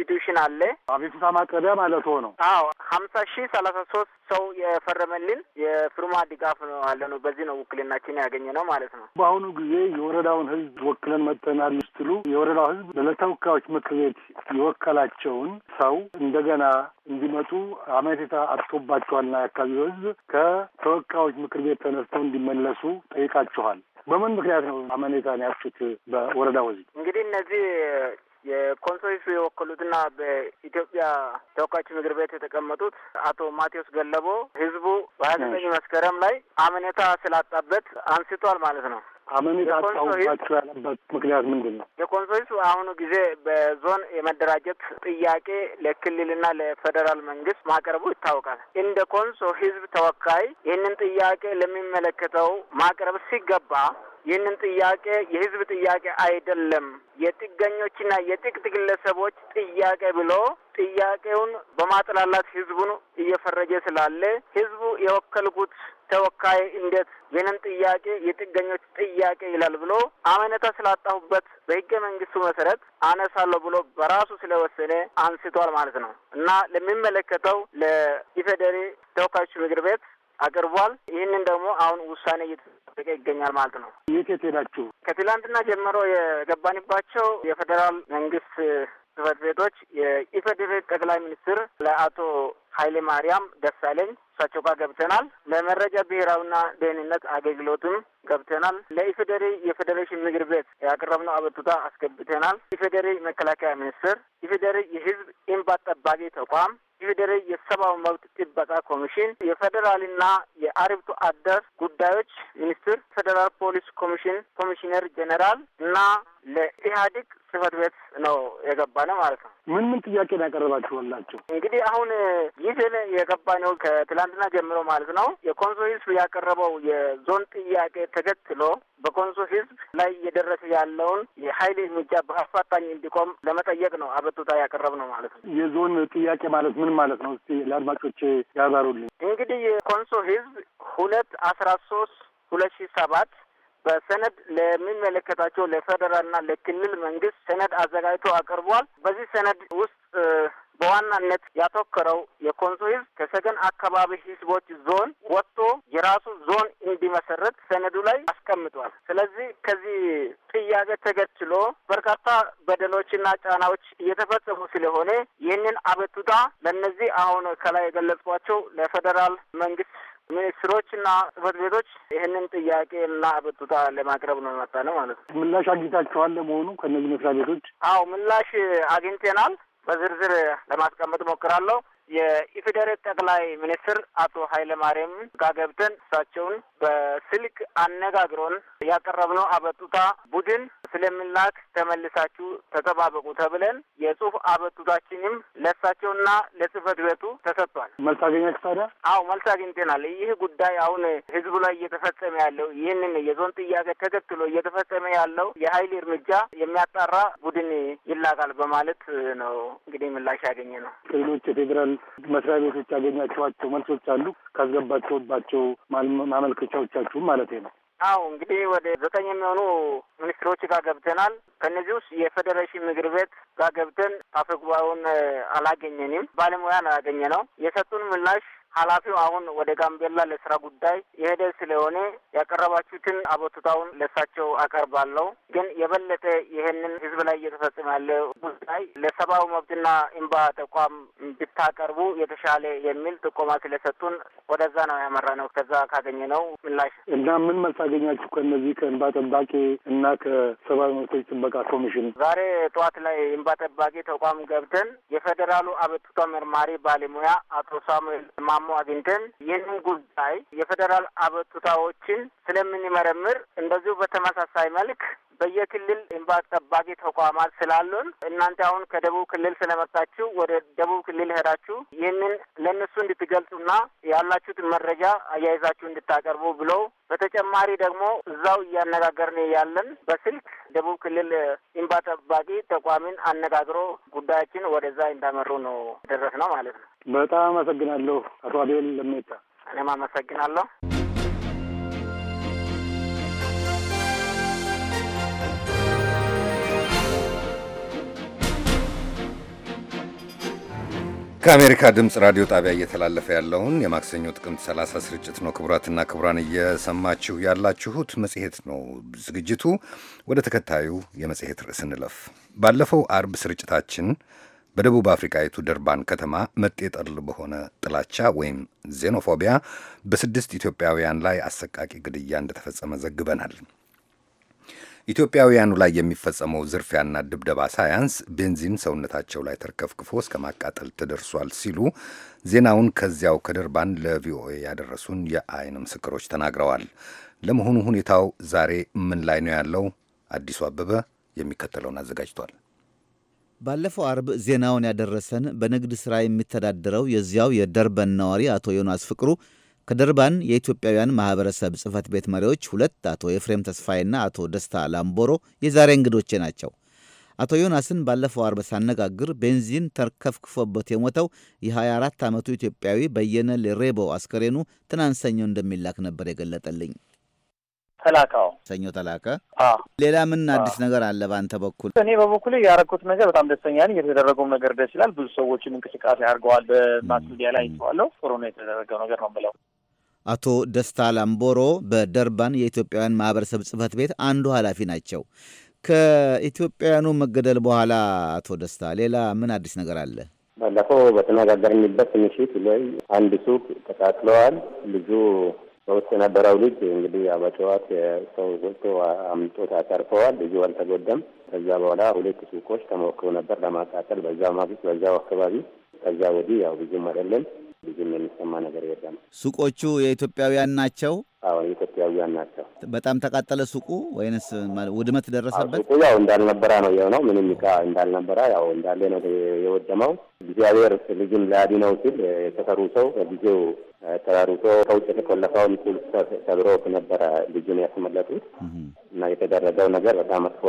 S9: ኢንስቲትዩሽን አለ አቤቱታ ማቅረቢያ ማለት ነው። አዎ ሀምሳ ሺህ ሰላሳ ሶስት ሰው የፈረመልን የፊርማ ድጋፍ ነው አለ ነው። በዚህ ነው ውክልናችን ያገኘ ነው ማለት ነው።
S8: በአሁኑ ጊዜ የወረዳውን ህዝብ ወክለን መጥተናል ስትሉ የወረዳው ህዝብ ለተወካዮች ምክር ቤት የወከላቸውን ሰው እንደገና እንዲመጡ አመኔታ አጥቶባቸዋልና የአካባቢው ከተወካዮች ምክር ቤት ተነስተው እንዲመለሱ ጠይቃችኋል። በምን ምክንያት ነው አመኔታን ያጡት? በወረዳ ወዚ
S9: እንግዲህ እነዚህ የኮንሶ የወከሉትና በኢትዮጵያ ተወካዮች ምክር ቤት የተቀመጡት አቶ ማቴዎስ ገለቦ ህዝቡ በሀያ ዘጠኝ መስከረም ላይ አመኔታ ስላጣበት አንስቷል ማለት ነው። አመኔታ አጣሁባቸው
S8: ያለበት ምክንያት ምንድን ነው?
S9: አሁኑ ጊዜ በዞን የመደራጀት ጥያቄ ለክልልና ለፌዴራል መንግስት ማቅረቡ ይታወቃል። እንደ ኮንሶ ህዝብ ተወካይ ይህንን ጥያቄ ለሚመለከተው ማቅረብ ሲገባ ይህንን ጥያቄ የህዝብ ጥያቄ አይደለም የጥገኞችና የጥቂት ግለሰቦች ጥያቄ ብሎ ጥያቄውን በማጥላላት ህዝቡን እየፈረጀ ስላለ ህዝቡ የወከልኩት ተወካይ እንዴት ይህንን ጥያቄ የጥገኞች ጥያቄ ይላል ብሎ አመነታ ስላጣሁበት በህገ መንግስቱ መሰረት አነሳለሁ ብሎ በራሱ ስለወሰነ አንስቷል ማለት ነው እና ለሚመለከተው ለኢፌዴሪ ተወካዮች ምክር ቤት አቅርቧል። ይህንን ደግሞ አሁን ውሳኔ እየተጠበቀ ይገኛል ማለት ነው።
S8: የት የት ሄዳችሁ?
S9: ከትላንትና ጀምሮ የገባንባቸው የፌዴራል መንግስት ጽህፈት ቤቶች የኢፌዴሪ ጠቅላይ ሚኒስትር ለአቶ ኃይሌ ማርያም ደሳለኝ እሳቸው ጋር ገብተናል። ለመረጃ ብሔራዊና ደህንነት አገልግሎትም ገብተናል። ለኢፌዴሪ የፌዴሬሽን ምክር ቤት ያቀረብነው አቤቱታ አስገብተናል። ኢፌዴሪ መከላከያ ሚኒስትር፣ ኢፌዴሪ የህዝብ እንባ ጠባቂ ተቋም ኢፌዴሪ የሰብአዊ መብት ጥበቃ ኮሚሽን፣ የፌዴራልና የአርብቶ አደር ጉዳዮች ሚኒስትር፣ ፌዴራል ፖሊስ ኮሚሽን ኮሚሽነር ጄኔራል እና ለኢህአዴግ ጽህፈት ቤት ነው የገባ ነው ማለት ነው።
S8: ምን ምን ጥያቄ ነው ያቀረባችሁላቸው?
S9: እንግዲህ አሁን ይህ የገባ ነው ከትላንትና ጀምሮ ማለት ነው። የኮንሶ ህዝብ ያቀረበው የዞን ጥያቄ ተከትሎ በኮንሶ ህዝብ ላይ እየደረሰ ያለውን የሀይል እርምጃ በአፋጣኝ እንዲቆም ለመጠየቅ ነው አቤቱታ ያቀረብ ነው ማለት
S8: ነው። የዞን ጥያቄ ማለት ምን ምን ማለት ነው? እስቲ ለአድማጮች ያብራሩልኝ።
S9: እንግዲህ የኮንሶ ህዝብ ሁለት አስራ ሶስት ሁለት ሺ ሰባት በሰነድ ለሚመለከታቸው ለፌዴራልና ለክልል መንግስት ሰነድ አዘጋጅቶ አቅርቧል። በዚህ ሰነድ ውስጥ በዋናነት ያተኮረው የኮንሶ ህዝብ ከሰገን አካባቢ ህዝቦች ዞን ወጥቶ የራሱ ዞን እንዲመሰረት ሰነዱ ላይ አስቀምጧል። ስለዚህ ከዚህ ጥያቄ ተገችሎ በርካታ በደሎችና ጫናዎች እየተፈጸሙ ስለሆነ ይህንን አቤቱታ ለእነዚህ አሁን ከላይ የገለጽኳቸው ለፌዴራል መንግስት ሚኒስትሮችና ጽህፈት ቤቶች ይህንን ጥያቄና አቤቱታ ለማቅረብ ነው ነው ማለት
S8: ነው። ምላሽ አግኝታችኋል? ለመሆኑ ከእነዚህ መስሪያ ቤቶች?
S9: አዎ ምላሽ አግኝተናል። በዝርዝር ለማስቀመጥ ሞክራለሁ። የኢፌዴሪ ጠቅላይ ሚኒስትር አቶ ኃይለማርያም ጋር ገብተን እሳቸውን በስልክ አነጋግሮን ያቀረብነው አበጡታ ቡድን ስለምላክ ተመልሳችሁ ተጠባበቁ ተብለን የጽሁፍ አበጡታችንም ለእሳቸውና ለጽህፈት ቤቱ ተሰጥቷል።
S8: መልስ አገኘች ታዲያ?
S9: አዎ መልስ አግኝተናል። ይህ ጉዳይ አሁን ህዝቡ ላይ እየተፈጸመ ያለው ይህንን የዞን ጥያቄ ተከትሎ እየተፈጸመ ያለው የኃይል እርምጃ የሚያጣራ ቡድን ይላካል በማለት ነው እንግዲህ ምላሽ ያገኘ ነው።
S8: ሌሎች የፌዴራል መስሪያ ቤቶች ያገኛቸዋቸው መልሶች አሉ ካስገባቸውባቸው ማመልከቻዎቻችሁም ማለት ነው?
S9: አዎ እንግዲህ ወደ ዘጠኝ የሚሆኑ ሚኒስትሮች ጋር ገብተናል። ከእነዚህ ውስጥ የፌዴሬሽን ምክር ቤት ጋር ገብተን አፈጉባኤውን አላገኘንም፣ ባለሙያን አላገኘ ነው የሰጡን ምላሽ ኃላፊው አሁን ወደ ጋምቤላ ለስራ ጉዳይ የሄደ ስለሆነ ያቀረባችሁትን አቤቱታውን ለሳቸው አቀርባለሁ። ግን የበለጠ ይህንን ህዝብ ላይ እየተፈጸመ ያለ ጉዳይ ለሰብአዊ መብትና እንባ ተቋም ብታቀርቡ የተሻለ የሚል ጥቆማ ስለሰጡን ወደዛ ነው ያመራ ነው። ከዛ ካገኘ ነው ምላሽ እና
S8: ምን መልስ አገኛችሁ ከእነዚህ ከእንባ ጠባቂ እና ከሰብአዊ መብቶች ጥበቃ ኮሚሽን? ዛሬ
S9: ጠዋት ላይ እንባ ጠባቂ ተቋም ገብተን የፌዴራሉ አቤቱታ መርማሪ ባለሙያ አቶ ሳሙኤል ተስማሙ አግኝተን ይህንን ጉዳይ የፌዴራል አበቱታዎችን ስለምንመረምር እንደዚሁ በተመሳሳይ መልክ በየክልል እንባ ጠባቂ ተቋማት ስላሉን እናንተ አሁን ከደቡብ ክልል ስለመጣችሁ ወደ ደቡብ ክልል ሄዳችሁ ይህንን ለእነሱ እንድትገልጹና ያላችሁትን መረጃ አያይዛችሁ እንድታቀርቡ ብሎ በተጨማሪ ደግሞ እዛው እያነጋገርን ያለን በስልክ ደቡብ ክልል እንባ ጠባቂ ተቋሚን አነጋግሮ ጉዳያችን ወደዛ እንዳመሩ ነው ደረስ ነው ማለት ነው።
S8: በጣም አመሰግናለሁ አቶ አቤል ለሜታ።
S9: እኔም አመሰግናለሁ።
S2: ከአሜሪካ ድምፅ ራዲዮ ጣቢያ እየተላለፈ ያለውን የማክሰኞ ጥቅምት 30 ስርጭት ነው። ክቡራትና ክቡራን እየሰማችሁ ያላችሁት መጽሔት ነው ዝግጅቱ። ወደ ተከታዩ የመጽሔት ርዕስ እንለፍ። ባለፈው አርብ ስርጭታችን በደቡብ አፍሪካዊቱ ደርባን ከተማ መጤጠል በሆነ ጥላቻ ወይም ዜኖፎቢያ በስድስት ኢትዮጵያውያን ላይ አሰቃቂ ግድያ እንደተፈጸመ ዘግበናል። ኢትዮጵያውያኑ ላይ የሚፈጸመው ዝርፊያና ድብደባ ሳያንስ ቤንዚን ሰውነታቸው ላይ ተርከፍክፎ እስከ ማቃጠል ተደርሷል ሲሉ ዜናውን ከዚያው ከደርባን ለቪኦኤ ያደረሱን የአይን ምስክሮች ተናግረዋል። ለመሆኑ ሁኔታው ዛሬ ምን ላይ ነው ያለው? አዲሱ አበበ የሚከተለውን አዘጋጅቷል።
S6: ባለፈው አርብ ዜናውን ያደረሰን በንግድ ሥራ የሚተዳደረው የዚያው የደርበን ነዋሪ አቶ ዮናስ ፍቅሩ ከደርባን የኢትዮጵያውያን ማህበረሰብ ጽህፈት ቤት መሪዎች ሁለት አቶ ኤፍሬም ተስፋዬና አቶ ደስታ ላምቦሮ የዛሬ እንግዶቼ ናቸው። አቶ ዮናስን ባለፈው አርብ ሳነጋግር ቤንዚን ተርከፍክፎበት የሞተው የ24 ዓመቱ ኢትዮጵያዊ በየነ ሌሬቦ አስከሬኑ ትናንት ሰኞ እንደሚላክ ነበር የገለጠልኝ። ተላካው ሰኞ ተላከ። ሌላ ምን አዲስ ነገር አለ በአንተ በኩል? እኔ በበኩል ያደረኩት ነገር
S10: በጣም ደስተኛ ነኝ። የተደረገውም ነገር ደስ ይላል። ብዙ ሰዎችም እንቅስቃሴ አድርገዋል። በማስ ሚዲያ ላይ ይተዋለው። ጥሩ ነው የተደረገው ነገር ነው ብለው
S6: አቶ ደስታ ላምቦሮ በደርባን የኢትዮጵያውያን ማህበረሰብ ጽህፈት ቤት አንዱ ኃላፊ ናቸው። ከኢትዮጵያውያኑ መገደል በኋላ አቶ ደስታ ሌላ ምን አዲስ ነገር አለ?
S3: ባለፈው በተነጋገርንበት ምሽት ላይ አንድ ሱቅ ተቃጥለዋል። ልጁ በውስጥ የነበረው ልጅ እንግዲህ አበጨዋት ሰው ወጥቶ አምልጦት አተርፈዋል። ልጁ አልተጎደም። ከዛ በኋላ ሁለት ሱቆች ተሞክሮ ነበር ለማቃጠል በዛው ማግስት በዛው አካባቢ። ከዛ ወዲህ ያው ብዙም አይደለም። ብዙም የሚሰማ ነገር የለም።
S6: ሱቆቹ የኢትዮጵያውያን ናቸው።
S3: አዎ የኢትዮጵያውያን ናቸው።
S6: በጣም ተቃጠለ ሱቁ ወይንስ ውድመት ደረሰበት? ሱቁ ያው እንዳልነበረ ነው የሆነው። ምንም
S3: ዕቃ እንዳልነበረ ያው እንዳለ ነው የወደመው። እግዚአብሔር ልጅም ሊያድነው ሲል የተሰሩ ሰው ጊዜው ተራሩቶ ከውጭ የተቆለፈውን ቁልፍ ሰብሮ ነበረ ልጁን ያስመለጡት እና የተደረገው ነገር በጣም መጥፎ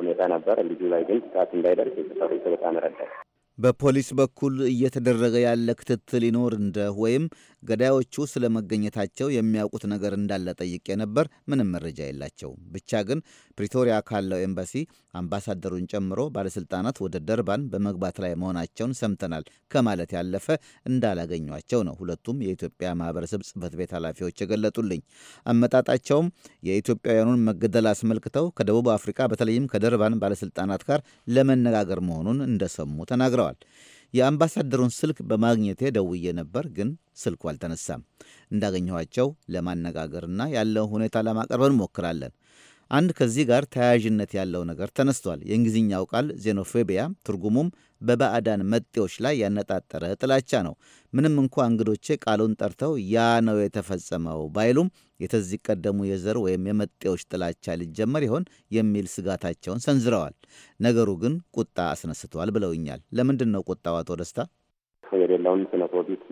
S3: ሁኔታ ነበር። ልጁ ላይ ግን ጥቃት እንዳይደርስ
S6: የተሰሩ ሰው በጣም ረዳል። በፖሊስ በኩል እየተደረገ ያለ ክትትል ይኖር እንደ ወይም ገዳዮቹ ስለ መገኘታቸው የሚያውቁት ነገር እንዳለ ጠይቄ ነበር። ምንም መረጃ የላቸው። ብቻ ግን ፕሪቶሪያ ካለው ኤምባሲ አምባሳደሩን ጨምሮ ባለሥልጣናት ወደ ደርባን በመግባት ላይ መሆናቸውን ሰምተናል ከማለት ያለፈ እንዳላገኟቸው ነው ሁለቱም የኢትዮጵያ ማኅበረሰብ ጽህፈት ቤት ኃላፊዎች የገለጡልኝ። አመጣጣቸውም የኢትዮጵያውያኑን መገደል አስመልክተው ከደቡብ አፍሪካ በተለይም ከደርባን ባለሥልጣናት ጋር ለመነጋገር መሆኑን እንደሰሙ ተናግረዋል። የአምባሳደሩን ስልክ በማግኘቴ ደውዬ ነበር፣ ግን ስልኩ አልተነሳም። እንዳገኘኋቸው ለማነጋገርና ያለውን ሁኔታ ለማቅረብ እንሞክራለን። አንድ ከዚህ ጋር ተያያዥነት ያለው ነገር ተነስቷል። የእንግሊዝኛው ቃል ዜኖፎቢያ ትርጉሙም በባዕዳን መጤዎች ላይ ያነጣጠረ ጥላቻ ነው። ምንም እንኳ እንግዶቼ ቃሉን ጠርተው ያ ነው የተፈጸመው ባይሉም የተዚህ ቀደሙ የዘር ወይም የመጤዎች ጥላቻ ሊጀመር ይሆን የሚል ስጋታቸውን ሰንዝረዋል። ነገሩ ግን ቁጣ አስነስተዋል ብለውኛል። ለምንድን ነው ቁጣው? አቶ ደስታ
S3: የሌላውን ስነ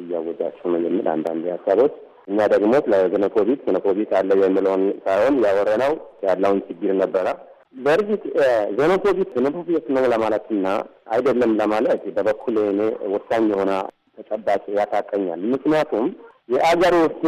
S3: እያወጃቸው ነው የሚል አንዳንድ ሀሳቦች እኛ ደግሞ ስለግነኮቪድ ግነኮቪድ አለ የምለውን ሳይሆን ያወረነው ያለውን ችግር ነበረ። በእርግጥ ግነኮቪድ ግነኮቪድ ነው ለማለትና አይደለም ለማለት በበኩል እኔ ወሳኝ የሆነ ተጨባጭ ያታቀኛል። ምክንያቱም የአገር ውስጥ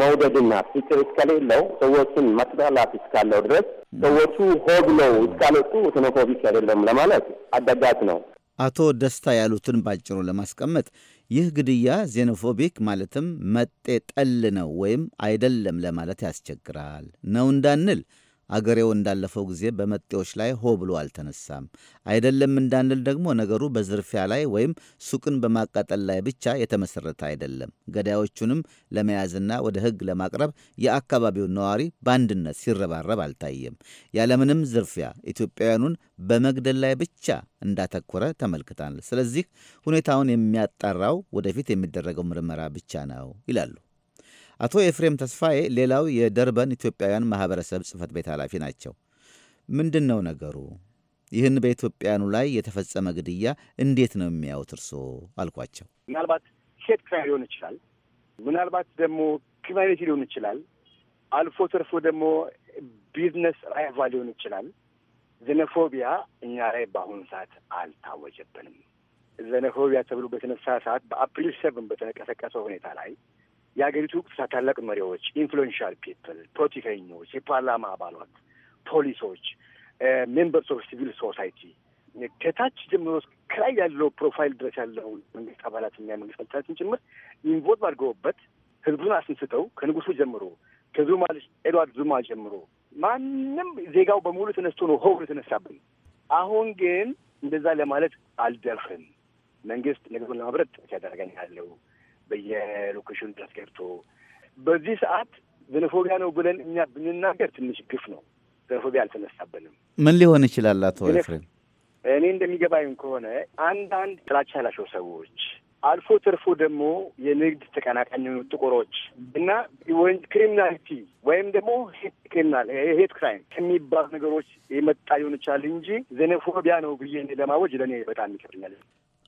S3: መውደድና ፍቅር እስከሌለው ሰዎችን መጥላላት እስካለው ድረስ ሰዎቹ ሆ ብለው እስካለጡ ግነኮቪድ አይደለም ለማለት
S6: አዳጋች ነው። አቶ ደስታ ያሉትን ባጭሩ ለማስቀመጥ ይህ ግድያ ዜኖፎቢክ ማለትም መጤ ጠል ነው ወይም አይደለም ለማለት ያስቸግራል ነው እንዳንል አገሬው እንዳለፈው ጊዜ በመጤዎች ላይ ሆ ብሎ አልተነሳም። አይደለም እንዳንል ደግሞ ነገሩ በዝርፊያ ላይ ወይም ሱቅን በማቃጠል ላይ ብቻ የተመሠረተ አይደለም። ገዳዮቹንም ለመያዝና ወደ ሕግ ለማቅረብ የአካባቢውን ነዋሪ በአንድነት ሲረባረብ አልታየም። ያለምንም ዝርፊያ ኢትዮጵያውያኑን በመግደል ላይ ብቻ እንዳተኮረ ተመልክታል። ስለዚህ ሁኔታውን የሚያጣራው ወደፊት የሚደረገው ምርመራ ብቻ ነው ይላሉ። አቶ ኤፍሬም ተስፋዬ ሌላው የደርበን ኢትዮጵያውያን ማህበረሰብ ጽህፈት ቤት ኃላፊ ናቸው። ምንድን ነው ነገሩ? ይህን በኢትዮጵያኑ ላይ የተፈጸመ ግድያ እንዴት ነው የሚያዩት እርስዎ? አልኳቸው።
S11: ምናልባት ሄት ክራይ ሊሆን ይችላል። ምናልባት ደግሞ ክሪሚናሊቲ ሊሆን ይችላል። አልፎ ተርፎ ደግሞ ቢዝነስ ራይቫ ሊሆን ይችላል። ዘነፎቢያ እኛ ላይ በአሁኑ ሰዓት አልታወጀብንም። ዘነፎቢያ ተብሎ በተነሳ ሰዓት በአፕሪል ሰብን በተቀሰቀሰው ሁኔታ ላይ የሀገሪቱ ታላቅ መሪዎች፣ ኢንፍሉዌንሻል ፒፕል፣ ፖለቲከኞች፣ የፓርላማ አባላት፣ ፖሊሶች፣ ሜምበርስ ኦፍ ሲቪል ሶሳይቲ ከታች ጀምሮ ከላይ ያለው ፕሮፋይል ድረስ ያለው መንግስት አባላትና የመንግስት አልታላትን ጭምር ኢንቮልቭ አድርገውበት ህዝቡን አስንስተው ከንጉሱ ጀምሮ ከዙማ ልጅ ኤድዋርድ ዙማ ጀምሮ ማንም ዜጋው በሙሉ ተነስቶ ነው ሆ የተነሳብን። አሁን ግን እንደዛ ለማለት አልደርፍም። መንግስት ነገሩን ለማብረት ያደረገን በየሎኬሽኑ ድረስ ገብቶ በዚህ ሰዓት ዘነፎቢያ ነው ብለን እኛ ብንናገር ትንሽ ግፍ ነው። ዘነፎቢያ አልተነሳብንም።
S6: ምን ሊሆን ይችላል? አቶ ኤፍሬም፣
S11: እኔ እንደሚገባኝ ከሆነ አንዳንድ ጥላቻ ያላቸው ሰዎች አልፎ ተርፎ ደግሞ የንግድ ተቀናቃኝ ጥቁሮች እና ክሪሚናሊቲ ወይም ደግሞ ክሪሚናል ሄት ክራይም ከሚባሉ ነገሮች የመጣ ሊሆን ይችላል እንጂ ዘነፎቢያ ነው ብዬ ለማወጅ ለእኔ በጣም ይከብኛል።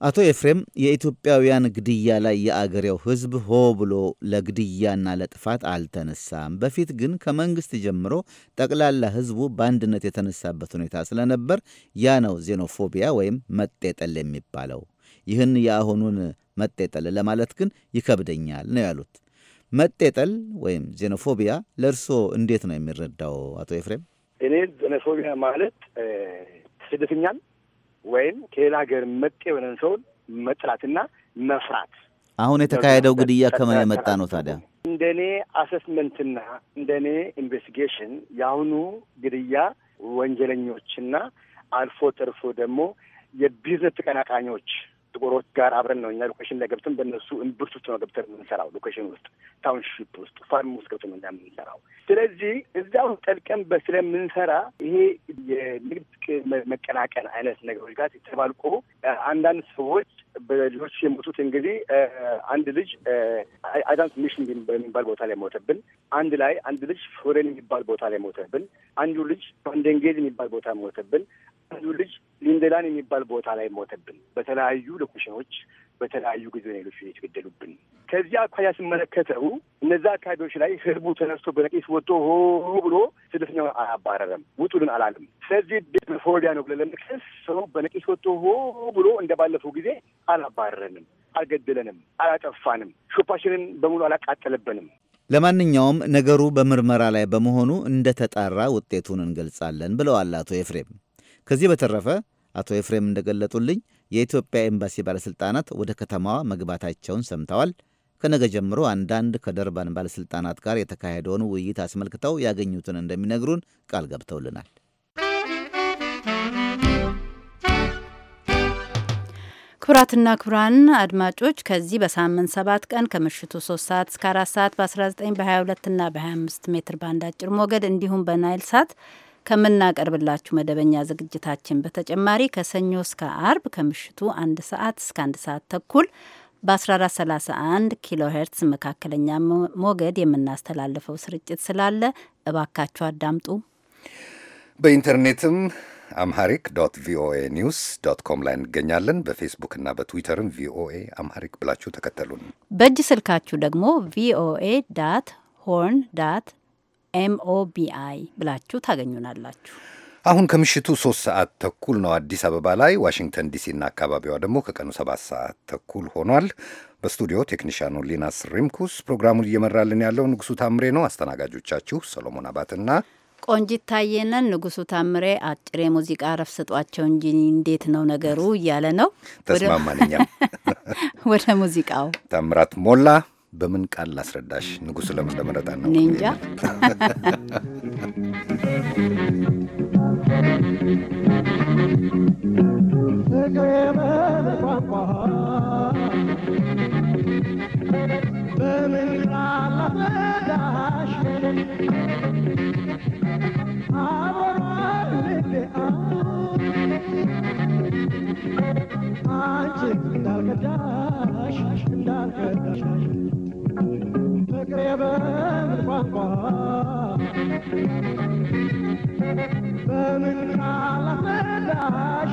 S6: አቶ ኤፍሬም የኢትዮጵያውያን ግድያ ላይ የአገሬው ሕዝብ ሆ ብሎ ለግድያና ለጥፋት አልተነሳም። በፊት ግን ከመንግሥት ጀምሮ ጠቅላላ ሕዝቡ በአንድነት የተነሳበት ሁኔታ ስለነበር ያ ነው ዜኖፎቢያ ወይም መጤጠል የሚባለው። ይህን የአሁኑን መጤጠል ለማለት ግን ይከብደኛል ነው ያሉት። መጤጠል ወይም ዜኖፎቢያ ለእርስዎ እንዴት ነው የሚረዳው አቶ ኤፍሬም?
S11: እኔ ዜኖፎቢያ ማለት ስደተኛን ወይም ከሌላ ሀገር መጤ የሆነን ሰውን መጥላትና መፍራት።
S6: አሁን የተካሄደው ግድያ ከምን የመጣ ነው ታዲያ?
S11: እንደ እኔ አሰስመንትና እንደ እኔ ኢንቨስቲጌሽን የአሁኑ ግድያ ወንጀለኞችና አልፎ ተርፎ ደግሞ የቢዝነስ ተቀናቃኞች ጥቁሮች ጋር አብረን ነው እኛ ሎኬሽን ላይ ገብተን በእነሱ እምብርት ውስጥ ነው ገብተን የምንሰራው። ሎኬሽን ውስጥ፣ ታውንሺፕ ውስጥ፣ ፋርም ውስጥ ገብተን ነው የምንሰራው። ስለዚህ እዛው ጠልቀን በስለምንሰራ ይሄ የንግድ መቀናቀን አይነት ነገሮች ጋር ተባልቆ አንዳንድ ሰዎች በልጆች የሞቱት እንግዲህ አንድ ልጅ አዳምት ሚሽን በሚባል ቦታ ላይ ሞተብን። አንድ ላይ አንድ ልጅ ፎሬን የሚባል ቦታ ላይ ሞተብን። አንዱ ልጅ ባንደንጌዝ የሚባል ቦታ ሞተብን። አንዱ ልጅ ሊንደላን የሚባል ቦታ ላይ ሞተብን። በተለያዩ ሎኬሽኖች በተለያዩ ጊዜ ሌሎች የተገደሉብን። ከዚህ አኳያ ስመለከተው እነዛ አካባቢዎች ላይ ህዝቡ ተነስቶ በነቂስ ወጥቶ ሆ ብሎ ስደተኛውን አላባረረም፣ ውጡልን አላለም። ስለዚህ ፎቢያ ነው ብለን ለመክሰስ ሰው በነቂስ ወጥቶ ሆ ብሎ እንደባለፈው ጊዜ አላባረረንም፣ አልገደለንም፣ አላጠፋንም፣ ሾፓችንን በሙሉ አላቃጠለብንም።
S6: ለማንኛውም ነገሩ በምርመራ ላይ በመሆኑ እንደተጣራ ውጤቱን እንገልጻለን ብለዋል አቶ ኤፍሬም። ከዚህ በተረፈ አቶ ኤፍሬም እንደገለጡልኝ የኢትዮጵያ ኤምባሲ ባለሥልጣናት ወደ ከተማዋ መግባታቸውን ሰምተዋል። ከነገ ጀምሮ አንዳንድ ከደርባን ባለሥልጣናት ጋር የተካሄደውን ውይይት አስመልክተው ያገኙትን እንደሚነግሩን ቃል ገብተውልናል።
S1: ክቡራትና ክቡራን አድማጮች ከዚህ በሳምንት ሰባት ቀን ከምሽቱ 3 ሰዓት እስከ 4 ሰዓት በ19 በ22 እና በ25 ሜትር ባንድ አጭር ሞገድ እንዲሁም በናይል ሳት ከምናቀርብላችሁ መደበኛ ዝግጅታችን በተጨማሪ ከሰኞ እስከ አርብ ከምሽቱ አንድ ሰዓት እስከ አንድ ሰዓት ተኩል በ1431 ኪሎ ሄርትስ መካከለኛ ሞገድ የምናስተላልፈው ስርጭት ስላለ እባካችሁ አዳምጡ።
S2: በኢንተርኔትም አምሃሪክ ዶት ቪኦኤ ኒውስ ዶት ኮም ላይ እንገኛለን። በፌስቡክና በትዊተርም ቪኦኤ አምሃሪክ ብላችሁ ተከተሉን።
S1: በእጅ ስልካችሁ ደግሞ ቪኦኤ ዳት ሆርን ዳት ኤምኦቢአይ ብላችሁ ታገኙናላችሁ።
S2: አሁን ከምሽቱ ሶስት ሰዓት ተኩል ነው አዲስ አበባ ላይ። ዋሽንግተን ዲሲና አካባቢዋ ደግሞ ከቀኑ ሰባት ሰዓት ተኩል ሆኗል። በስቱዲዮ ቴክኒሻኑ ሊናስ ሪምኩስ፣ ፕሮግራሙን እየመራልን ያለው ንጉሱ ታምሬ ነው። አስተናጋጆቻችሁ ሰሎሞን አባትና
S1: ቆንጂት ታየነን። ንጉሱ ታምሬ አጭር የሙዚቃ ረፍ እንጂ እንዴት ነው ነገሩ እያለ ነው። ተስማማንኛም። ወደ ሙዚቃው
S2: ታምራት ሞላ በምን ቃል ላስረዳሽ? ንጉሥ ለምን ለመረጣ ነው እኔ እንጃ።
S12: I'm ፍቅሬ በምን ቋንቋ በምን ቃል አስረዳሽ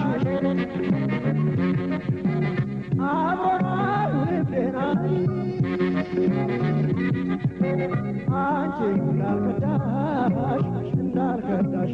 S12: አብሮናል ልቤናይ አንቺ እንዳልከዳሽ እንዳልከዳሽ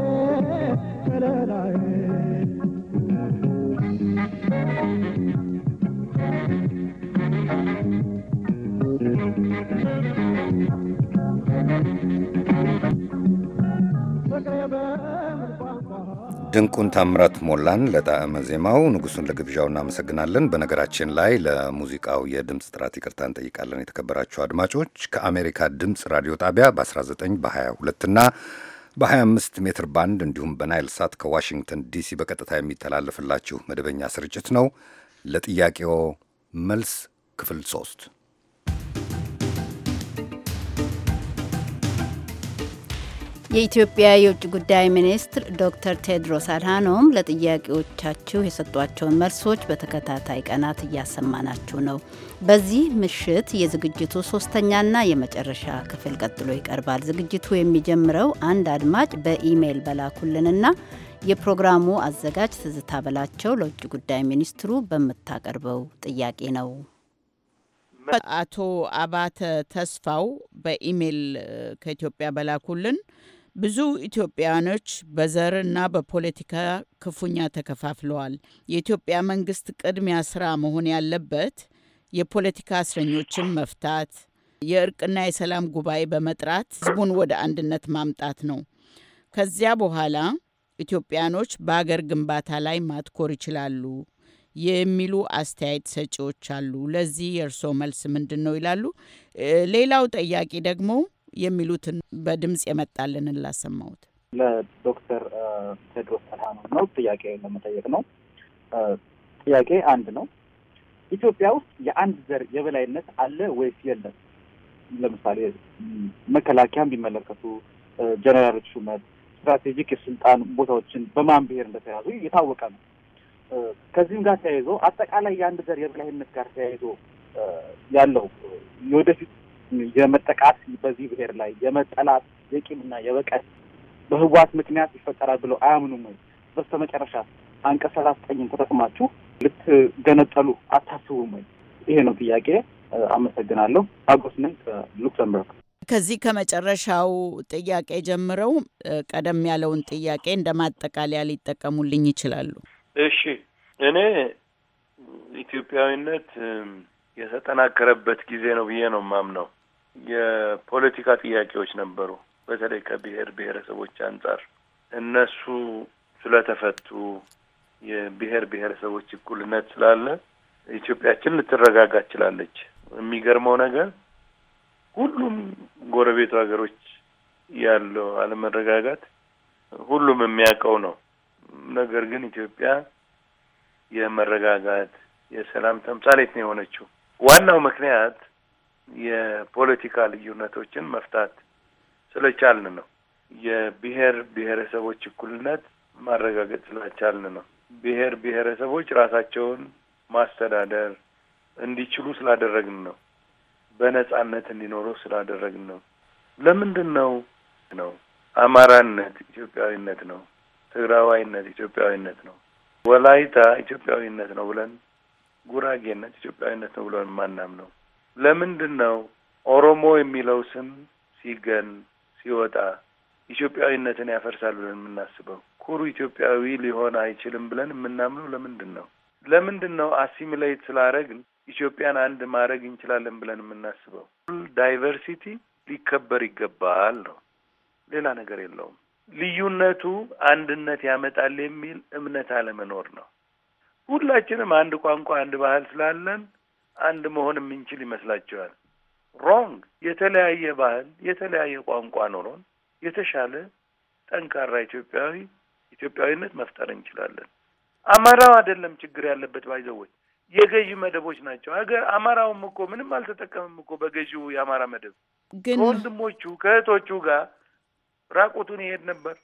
S2: ድንቁን ታምራት ሞላን ለጣዕመ ዜማው፣ ንጉሱን ለግብዣው እናመሰግናለን። በነገራችን ላይ ለሙዚቃው የድምፅ ጥራት ይቅርታ እንጠይቃለን። የተከበራችሁ አድማጮች ከአሜሪካ ድምፅ ራዲዮ ጣቢያ በ19 በ22 እና በ25 ሜትር ባንድ እንዲሁም በናይል ሳት ከዋሽንግተን ዲሲ በቀጥታ የሚተላለፍላችሁ መደበኛ ስርጭት ነው። ለጥያቄው መልስ ክፍል ሶስት
S1: የኢትዮጵያ የውጭ ጉዳይ ሚኒስትር ዶክተር ቴድሮስ አድሃኖም ለጥያቄዎቻችሁ የሰጧቸውን መልሶች በተከታታይ ቀናት እያሰማናችሁ ነው። በዚህ ምሽት የዝግጅቱ ሶስተኛና የመጨረሻ ክፍል ቀጥሎ ይቀርባል። ዝግጅቱ የሚጀምረው አንድ አድማጭ በኢሜይል በላኩልንና የፕሮግራሙ አዘጋጅ ትዝታ በላቸው ለውጭ ጉዳይ ሚኒስትሩ በምታቀርበው ጥያቄ ነው።
S13: አቶ አባተ ተስፋው በኢሜይል ከኢትዮጵያ በላኩልን ብዙ ኢትዮጵያውያኖች በዘርና በፖለቲካ ክፉኛ ተከፋፍለዋል። የኢትዮጵያ መንግስት ቅድሚያ ስራ መሆን ያለበት የፖለቲካ እስረኞችን መፍታት፣ የእርቅና የሰላም ጉባኤ በመጥራት ህዝቡን ወደ አንድነት ማምጣት ነው። ከዚያ በኋላ ኢትዮጵያኖች በአገር ግንባታ ላይ ማትኮር ይችላሉ የሚሉ አስተያየት ሰጪዎች አሉ። ለዚህ የእርስዎ መልስ ምንድን ነው? ይላሉ። ሌላው ጠያቂ ደግሞ የሚሉትን በድምፅ የመጣልን ላሰማሁት።
S10: ለዶክተር ቴድሮስ አድሃኖም ነው ጥያቄ ለመጠየቅ ነው። ጥያቄ አንድ ነው። ኢትዮጵያ ውስጥ የአንድ ዘር የበላይነት አለ ወይስ የለም? ለምሳሌ መከላከያን ቢመለከቱ ጀነራሎች ሹመት፣ ስትራቴጂክ የስልጣን ቦታዎችን በማን ብሔር እንደተያዙ የታወቀ ነው። ከዚህም ጋር ተያይዞ አጠቃላይ የአንድ ዘር የበላይነት ጋር ተያይዞ ያለው
S11: የወደፊት የመጠቃት
S10: በዚህ ብሔር ላይ የመጠላት የቂምና የበቀል በህወሓት ምክንያት ይፈጠራል ብለው አያምኑም ወይ? በስተ መጨረሻ አንቀጽ ሰላሳ ዘጠኝን
S11: ተጠቅማችሁ ልትገነጠሉ አታስቡም ወይ? ይሄ ነው ጥያቄ። አመሰግናለሁ። አጎስ ነኝ ከሉክሰምበርግ።
S13: ከዚህ ከመጨረሻው ጥያቄ ጀምረው ቀደም ያለውን ጥያቄ እንደ ማጠቃለያ ሊጠቀሙልኝ ይችላሉ።
S7: እሺ እኔ ኢትዮጵያዊነት የተጠናከረበት ጊዜ ነው ብዬ ነው ማምነው። የፖለቲካ ጥያቄዎች ነበሩ። በተለይ ከብሔር ብሔረሰቦች አንጻር እነሱ ስለተፈቱ የብሔር ብሔረሰቦች እኩልነት ስላለ ኢትዮጵያችን ልትረጋጋ ችላለች። የሚገርመው ነገር ሁሉም ጎረቤቱ ሀገሮች ያለው አለመረጋጋት ሁሉም የሚያውቀው ነው። ነገር ግን ኢትዮጵያ የመረጋጋት የሰላም ተምሳሌት ነው የሆነችው። ዋናው ምክንያት የፖለቲካ ልዩነቶችን መፍታት ስለቻልን ነው። የብሔር ብሔረሰቦች እኩልነት ማረጋገጥ ስለቻልን ነው። ብሔር ብሔረሰቦች ራሳቸውን ማስተዳደር እንዲችሉ ስላደረግን ነው። በነጻነት እንዲኖሩ ስላደረግን ነው። ለምንድን ነው ነው አማራነት ኢትዮጵያዊነት ነው። ትግራዋይነት ኢትዮጵያዊነት ነው። ወላይታ ኢትዮጵያዊነት ነው ብለን ጉራጌነት ኢትዮጵያዊነት ነው ብለን ማናም ነው ለምንድን ነው ኦሮሞ የሚለው ስም ሲገን ሲወጣ ኢትዮጵያዊነትን ያፈርሳል ብለን የምናስበው? ኩሩ ኢትዮጵያዊ ሊሆን አይችልም ብለን የምናምነው ለምንድን ነው? ለምንድን ነው አሲሚሌት ስላደረግን ኢትዮጵያን አንድ ማድረግ እንችላለን ብለን የምናስበው? ዳይቨርሲቲ ሊከበር ይገባል ነው፣ ሌላ ነገር የለውም። ልዩነቱ አንድነት ያመጣል የሚል እምነት አለመኖር ነው። ሁላችንም አንድ ቋንቋ፣ አንድ ባህል ስላለን አንድ መሆን የምንችል ይመስላቸዋል። ሮንግ። የተለያየ ባህል፣ የተለያየ ቋንቋ ኖሮን የተሻለ ጠንካራ ኢትዮጵያዊ ኢትዮጵያዊነት መፍጠር እንችላለን። አማራው አይደለም ችግር ያለበት ባይዘዎች የገዢ መደቦች ናቸው። ሀገር አማራውም እኮ ምንም አልተጠቀምም እኮ በገዢው የአማራ መደብ። ግን ከወንድሞቹ ከእህቶቹ ጋር ራቁቱን ይሄድ ነበር፣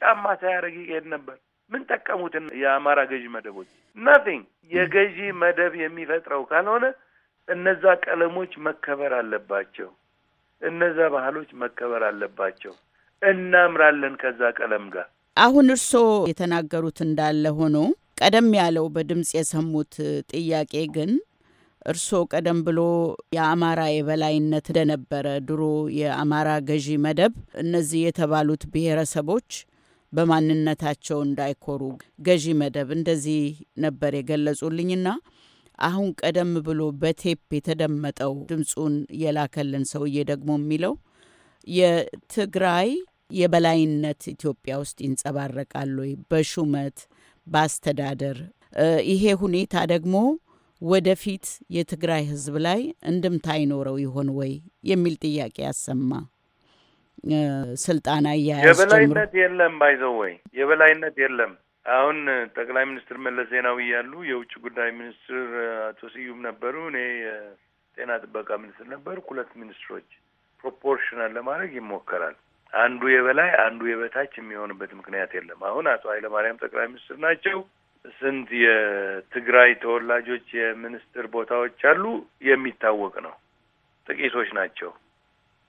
S7: ጫማ ሳያረግ ይሄድ ነበር። ምን ጠቀሙትን የአማራ ገዢ መደቦች? ናቲንግ። የገዢ መደብ የሚፈጥረው ካልሆነ እነዛ ቀለሞች መከበር አለባቸው። እነዛ ባህሎች መከበር አለባቸው። እናምራለን ከዛ ቀለም ጋር።
S13: አሁን እርስዎ የተናገሩት እንዳለ ሆኖ ቀደም ያለው በድምፅ የሰሙት ጥያቄ ግን እርስዎ ቀደም ብሎ የአማራ የበላይነት እንደነበረ ድሮ የአማራ ገዢ መደብ እነዚህ የተባሉት ብሔረሰቦች በማንነታቸው እንዳይኮሩ ገዢ መደብ እንደዚህ ነበር የገለጹልኝና አሁን ቀደም ብሎ በቴፕ የተደመጠው ድምፁን የላከልን ሰውዬ ደግሞ የሚለው የትግራይ የበላይነት ኢትዮጵያ ውስጥ ይንጸባረቃል ወይ በሹመት በአስተዳደር ይሄ ሁኔታ ደግሞ ወደፊት የትግራይ ሕዝብ ላይ እንድምታ ይኖረው ይሆን ወይ የሚል ጥያቄ ያሰማ። ስልጣን አያያዝ የበላይነት
S7: የለም ባይዘው ወይ የበላይነት የለም አሁን ጠቅላይ ሚኒስትር መለስ ዜናዊ ያሉ የውጭ ጉዳይ ሚኒስትር አቶ ስዩም ነበሩ። እኔ የጤና ጥበቃ ሚኒስትር ነበሩ። ሁለት ሚኒስትሮች ፕሮፖርሽናል ለማድረግ ይሞከራል። አንዱ የበላይ አንዱ የበታች የሚሆንበት ምክንያት የለም። አሁን አቶ ኃይለማርያም ጠቅላይ ሚኒስትር ናቸው። ስንት የትግራይ ተወላጆች የሚኒስትር ቦታዎች አሉ? የሚታወቅ ነው። ጥቂቶች ናቸው።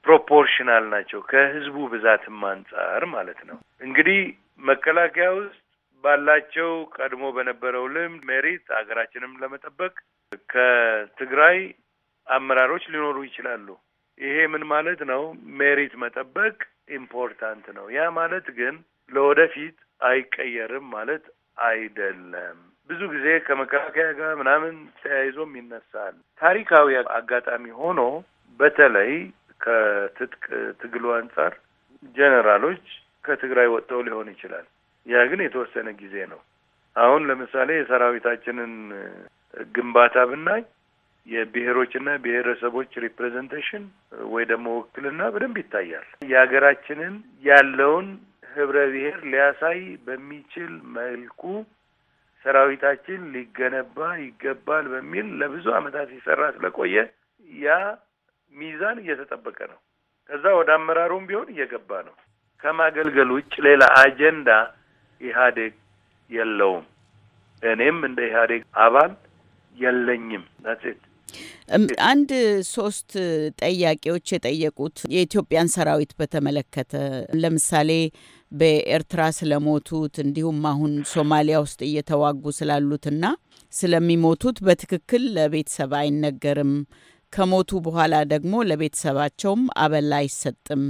S7: ፕሮፖርሽናል ናቸው፣ ከህዝቡ ብዛትም አንጻር ማለት ነው። እንግዲህ መከላከያ ውስጥ ባላቸው ቀድሞ በነበረው ልምድ ሜሪት ሀገራችንም ለመጠበቅ ከትግራይ አመራሮች ሊኖሩ ይችላሉ። ይሄ ምን ማለት ነው? ሜሪት መጠበቅ ኢምፖርታንት ነው። ያ ማለት ግን ለወደፊት አይቀየርም ማለት አይደለም። ብዙ ጊዜ ከመከላከያ ጋር ምናምን ተያይዞም ይነሳል። ታሪካዊ አጋጣሚ ሆኖ በተለይ ከትጥቅ ትግሉ አንጻር ጀኔራሎች ከትግራይ ወጥተው ሊሆን ይችላል ያ ግን የተወሰነ ጊዜ ነው። አሁን ለምሳሌ የሰራዊታችንን ግንባታ ብናይ የብሔሮችና ብሔረሰቦች ሪፕሬዘንቴሽን ወይ ደግሞ ውክልና በደንብ ይታያል። የሀገራችንን ያለውን ህብረ ብሔር ሊያሳይ በሚችል መልኩ ሰራዊታችን ሊገነባ ይገባል በሚል ለብዙ ዓመታት ሲሰራ ስለቆየ ያ ሚዛን እየተጠበቀ ነው። ከዛ ወደ አመራሩም ቢሆን እየገባ ነው። ከማገልገል ውጭ ሌላ አጀንዳ ኢህአዴግ የለውም። እኔም እንደ ኢህአዴግ አባል የለኝም። ናሴት
S13: አንድ ሶስት ጠያቂዎች የጠየቁት የኢትዮጵያን ሰራዊት በተመለከተ ለምሳሌ በኤርትራ ስለሞቱት እንዲሁም አሁን ሶማሊያ ውስጥ እየተዋጉ ስላሉትና ስለሚሞቱት በትክክል ለቤተሰብ አይነገርም፣ ከሞቱ በኋላ ደግሞ ለቤተሰባቸውም አበላ አይሰጥም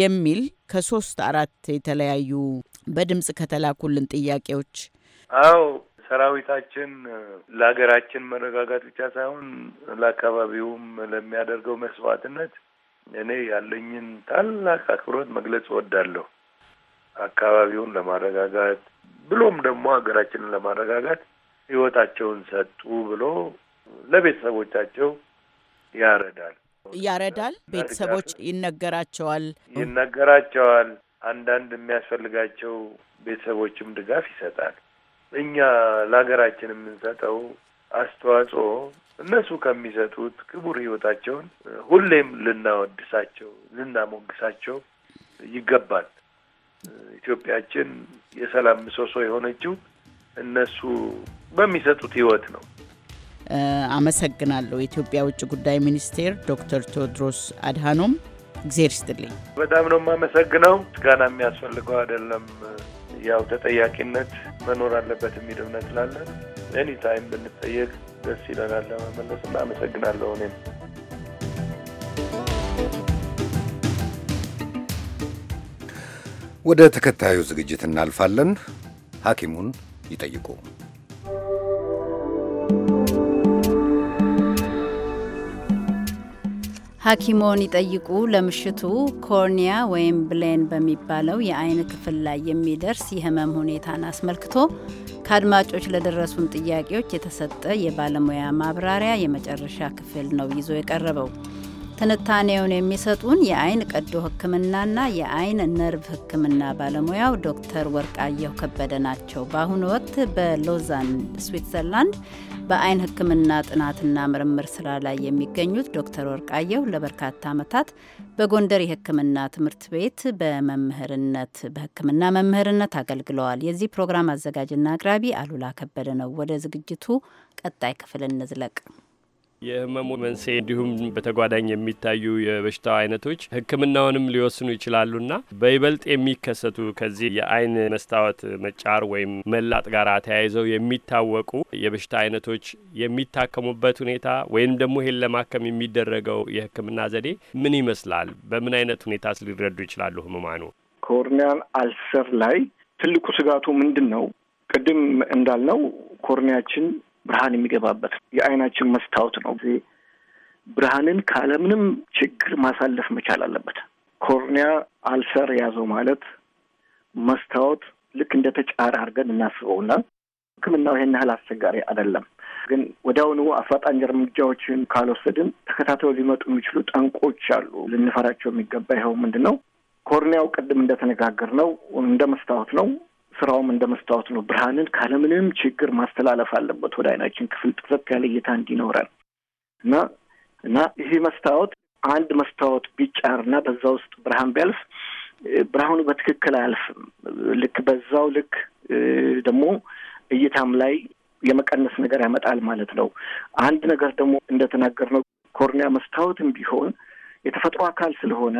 S13: የሚል ከሶስት አራት የተለያዩ በድምፅ ከተላኩልን ጥያቄዎች?
S7: አዎ ሰራዊታችን ለሀገራችን መረጋጋት ብቻ ሳይሆን ለአካባቢውም ለሚያደርገው መስዋዕትነት እኔ ያለኝን ታላቅ አክብሮት መግለጽ እወዳለሁ። አካባቢውን ለማረጋጋት ብሎም ደግሞ ሀገራችንን ለማረጋጋት ህይወታቸውን ሰጡ ብሎ ለቤተሰቦቻቸው ያረዳል
S13: ያረዳል። ቤተሰቦች ይነገራቸዋል
S7: ይነገራቸዋል። አንዳንድ የሚያስፈልጋቸው ቤተሰቦችም ድጋፍ ይሰጣል። እኛ ለሀገራችን የምንሰጠው አስተዋጽኦ እነሱ ከሚሰጡት ክቡር ህይወታቸውን ሁሌም ልናወድሳቸው፣ ልናሞግሳቸው ይገባል። ኢትዮጵያችን የሰላም ምሰሶ የሆነችው እነሱ በሚሰጡት ህይወት ነው።
S13: አመሰግናለሁ። የኢትዮጵያ ውጭ ጉዳይ ሚኒስቴር ዶክተር ቴዎድሮስ አድሃኖም እግዜር ይስጥልኝ።
S7: በጣም ነው የማመሰግነው። ጋና የሚያስፈልገው አይደለም። ያው ተጠያቂነት መኖር አለበት የሚል እምነት ስላለን ኤኒ ታይም ብንጠየቅ ደስ ይለናል ለመመለስ እና አመሰግናለሁ እኔም
S2: ወደ ተከታዩ ዝግጅት እናልፋለን። ሐኪሙን ይጠይቁ
S1: ሐኪሞን ይጠይቁ ለምሽቱ ኮርኒያ ወይም ብሌን በሚባለው የአይን ክፍል ላይ የሚደርስ የህመም ሁኔታን አስመልክቶ ከአድማጮች ለደረሱን ጥያቄዎች የተሰጠ የባለሙያ ማብራሪያ የመጨረሻ ክፍል ነው ይዞ የቀረበው። ትንታኔውን የሚሰጡን የአይን ቀዶ ህክምናና የአይን ነርቭ ህክምና ባለሙያው ዶክተር ወርቃየሁ ከበደ ናቸው። በአሁኑ ወቅት በሎዛን ስዊትዘርላንድ በአይን ሕክምና ጥናትና ምርምር ስራ ላይ የሚገኙት ዶክተር ወርቃየሁ ለበርካታ ዓመታት በጎንደር የሕክምና ትምህርት ቤት በመምህርነት በሕክምና መምህርነት አገልግለዋል። የዚህ ፕሮግራም አዘጋጅና አቅራቢ አሉላ ከበደ ነው። ወደ ዝግጅቱ ቀጣይ ክፍል እንዝለቅ።
S14: የህመሙ መንስኤ እንዲሁም በተጓዳኝ የሚታዩ የበሽታው አይነቶች ህክምናውንም ሊወስኑ ይችላሉና በይበልጥ የሚከሰቱ ከዚህ የአይን መስታወት መጫር ወይም መላጥ ጋር ተያይዘው የሚታወቁ የበሽታ አይነቶች የሚታከሙበት ሁኔታ ወይም ደግሞ ይህን ለማከም የሚደረገው የህክምና ዘዴ ምን ይመስላል? በምን አይነት ሁኔታ ሊረዱ ይችላሉ ህሙማኑ?
S5: ኮርኒያል አልሰር ላይ ትልቁ ስጋቱ ምንድን ነው? ቅድም እንዳልነው ኮርኒያችን ብርሃን የሚገባበት የአይናችን መስታወት ነው። ብርሃንን ካለምንም ችግር ማሳለፍ መቻል አለበት። ኮርኒያ አልሰር ያዘው ማለት መስታወት ልክ እንደ ተጫረ አድርገን እናስበውና ሕክምናው ይሄን ያህል አስቸጋሪ አይደለም። ግን ወዲያውኑ አፋጣኝ እርምጃዎችን ካልወሰድን ተከታትለው ሊመጡ የሚችሉ ጠንቆች አሉ። ልንፈራቸው የሚገባ ይኸው ምንድን ነው ኮርኒያው ቅድም እንደተነጋገር ነው እንደ መስታወት ነው። ስራውም እንደ መስታወት ነው። ብርሃንን ካለምንም ችግር ማስተላለፍ አለበት ወደ አይናችን ክፍል ጥቅጥቅ ያለ እይታ እንዲኖረን እና እና ይህ መስታወት አንድ መስታወት ቢጫር እና በዛ ውስጥ ብርሃን ቢያልፍ ብርሃኑ በትክክል አያልፍም። ልክ በዛው ልክ ደግሞ እይታም ላይ የመቀነስ ነገር ያመጣል ማለት ነው። አንድ ነገር ደግሞ እንደተናገር ነው ኮርኒያ መስታወትም ቢሆን የተፈጥሮ አካል ስለሆነ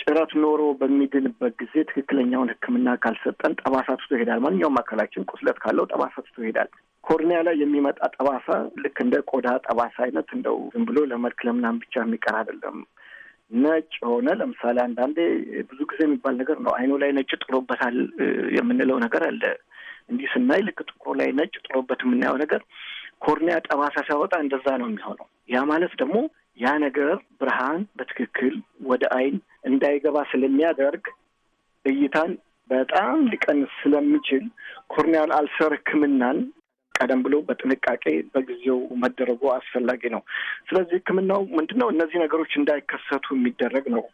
S5: ጭረት ኖሮ በሚድንበት ጊዜ ትክክለኛውን ሕክምና ካልሰጠን ጠባሳ ትቶ ይሄዳል። ማንኛውም አካላችን ቁስለት ካለው ጠባሳ ትቶ ይሄዳል። ኮርኒያ ላይ የሚመጣ ጠባሳ ልክ እንደ ቆዳ ጠባሳ አይነት እንደው ዝም ብሎ ለመልክ ለምናም ብቻ የሚቀር አይደለም። ነጭ የሆነ ለምሳሌ አንዳንዴ ብዙ ጊዜ የሚባል ነገር ነው። አይኑ ላይ ነጭ ጥሎበታል የምንለው ነገር አለ። እንዲህ ስናይ ልክ ጥቁሩ ላይ ነጭ ጥሎበት የምናየው ነገር ኮርኒያ ጠባሳ ሲያወጣ እንደዛ ነው የሚሆነው። ያ ማለት ደግሞ ያ ነገር ብርሃን በትክክል ወደ አይን እንዳይገባ ስለሚያደርግ እይታን በጣም ሊቀንስ ስለሚችል ኮርኒያል አልሰር ሕክምናን ቀደም ብሎ በጥንቃቄ በጊዜው መደረጉ አስፈላጊ ነው። ስለዚህ ሕክምናው ምንድን ነው? እነዚህ ነገሮች እንዳይከሰቱ የሚደረግ ነው።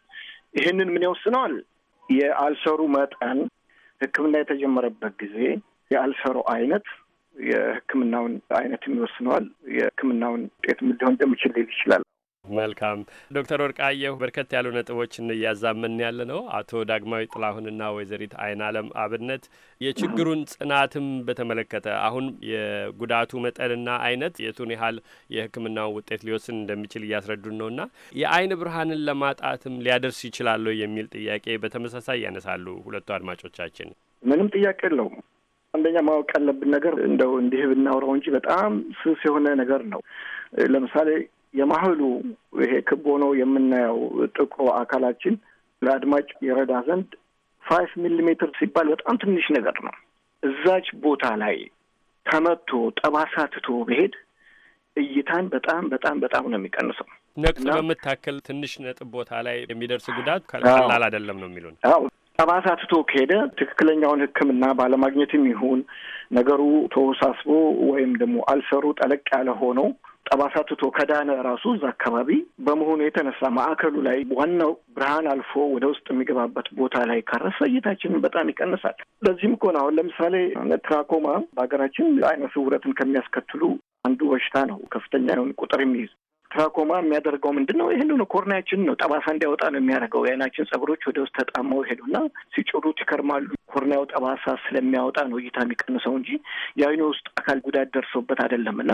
S5: ይህንን ምን ይወስነዋል? የአልሰሩ መጠን፣ ሕክምና የተጀመረበት ጊዜ፣ የአልሰሩ አይነት የህክምናውን አይነት የሚወስነዋል። የህክምናውን ውጤት ሊሆን እንደሚችል ሊል ይችላል።
S14: መልካም ዶክተር ወርቃየሁ በርከት ያሉ ነጥቦችን እያዛመን ያለ ነው። አቶ ዳግማዊ ጥላሁንና ወይዘሪት አይን አለም አብነት የችግሩን ጽናትም በተመለከተ አሁን የጉዳቱ መጠንና አይነት የቱን ያህል የህክምናውን ውጤት ሊወስን እንደሚችል እያስረዱን ና የአይን ብርሃንን ለማጣትም ሊያደርስ ይችላሉ የሚል ጥያቄ በተመሳሳይ ያነሳሉ ሁለቱ አድማጮቻችን።
S5: ምንም ጥያቄ የለውም። አንደኛ ማወቅ ያለብን ነገር እንደው እንዲህ ብናወራው እንጂ በጣም ስስ የሆነ ነገር ነው። ለምሳሌ የማህሉ ይሄ ክብ ሆኖ የምናየው ጥቁ አካላችን ለአድማጭ የረዳ ዘንድ ፋይፍ ሚሊሜትር ሲባል በጣም ትንሽ ነገር ነው። እዛች ቦታ ላይ ተመቶ ጠባሳ ትቶ መሄድ እይታን በጣም በጣም በጣም ነው የሚቀንሰው።
S14: ነቅጥ በምታክል ትንሽ ነጥብ ቦታ ላይ የሚደርስ ጉዳት ቀላል አይደለም ነው የሚሉን። አዎ ጠባሳ ትቶ
S5: ከሄደ ትክክለኛውን ሕክምና ባለማግኘትም ይሁን ነገሩ ተወሳስቦ ወይም ደግሞ አልሰሩ ጠለቅ ያለ ሆነው ጠባሳ ትቶ ከዳነ ራሱ እዛ አካባቢ በመሆኑ የተነሳ ማዕከሉ ላይ ዋናው ብርሃን አልፎ ወደ ውስጥ የሚገባበት ቦታ ላይ ካረሰ እይታችንን በጣም ይቀንሳል። ለዚህም ከሆነ አሁን ለምሳሌ ትራኮማ በሀገራችን አይነ ስውረትን ከሚያስከትሉ አንዱ በሽታ ነው። ከፍተኛ የሆነ ቁጥር የሚይዝ ትራኮማ የሚያደርገው ምንድን ነው? ይህን ነው ኮርኒያችን ነው ጠባሳ እንዲያወጣ ነው የሚያደርገው። የአይናችን ጸጉሮች ወደ ውስጥ ተጣመው ይሄዱና ሲጭሩት ይከርማሉ። ኮርኒያው ጠባሳ ስለሚያወጣ ነው እይታ የሚቀንሰው እንጂ የአይኑ ውስጥ አካል ጉዳት ደርሶበት አይደለም እና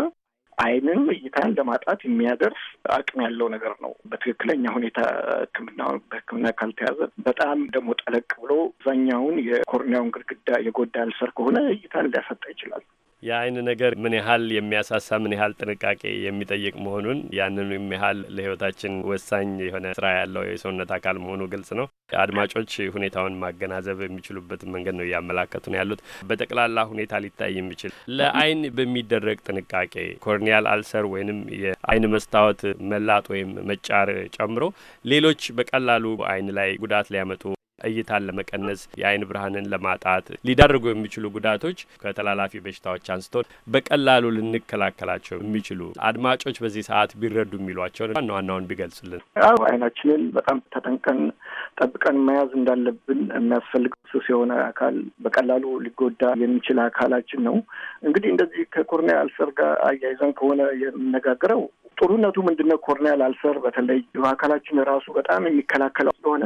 S5: አይንን እይታን ለማጣት የሚያደርስ አቅም ያለው ነገር ነው። በትክክለኛ ሁኔታ ሕክምና በሕክምና ካልተያዘ በጣም ደግሞ ጠለቅ ብሎ አብዛኛውን የኮርኒያውን ግድግዳ የጎዳ አልሰር ከሆነ እይታን ሊያሳጣ ይችላል።
S14: የአይን ነገር ምን ያህል የሚያሳሳ ምን ያህል ጥንቃቄ የሚጠይቅ መሆኑን ያንን ያህል ለህይወታችን ወሳኝ የሆነ ስራ ያለው የሰውነት አካል መሆኑ ግልጽ ነው። አድማጮች ሁኔታውን ማገናዘብ የሚችሉበት መንገድ ነው እያመላከቱ ነው ያሉት። በጠቅላላ ሁኔታ ሊታይ የሚችል ለአይን በሚደረግ ጥንቃቄ ኮርኒያል አልሰር ወይንም የአይን መስታወት መላጥ ወይም መጫር ጨምሮ ሌሎች በቀላሉ አይን ላይ ጉዳት ሊያመጡ እይታን ለመቀነስ የአይን ብርሃንን ለማጣት ሊዳርጉ የሚችሉ ጉዳቶች ከተላላፊ በሽታዎች አንስቶ በቀላሉ ልንከላከላቸው የሚችሉ አድማጮች በዚህ ሰዓት ቢረዱ የሚሏቸውን ዋና ዋናውን ቢገልጹልን።
S5: አዎ አይናችንን በጣም ተጠንቀን ጠብቀን መያዝ እንዳለብን የሚያስፈልግ ሱስ የሆነ አካል በቀላሉ ሊጎዳ የሚችል አካላችን ነው። እንግዲህ እንደዚህ ከኮርኒያ አልሰር ጋር አያይዘን ከሆነ የምነጋገረው ጥሩነቱ ምንድነው? ኮርኒያል አልሰር በተለይ በአካላችን ራሱ በጣም የሚከላከለው ስለሆነ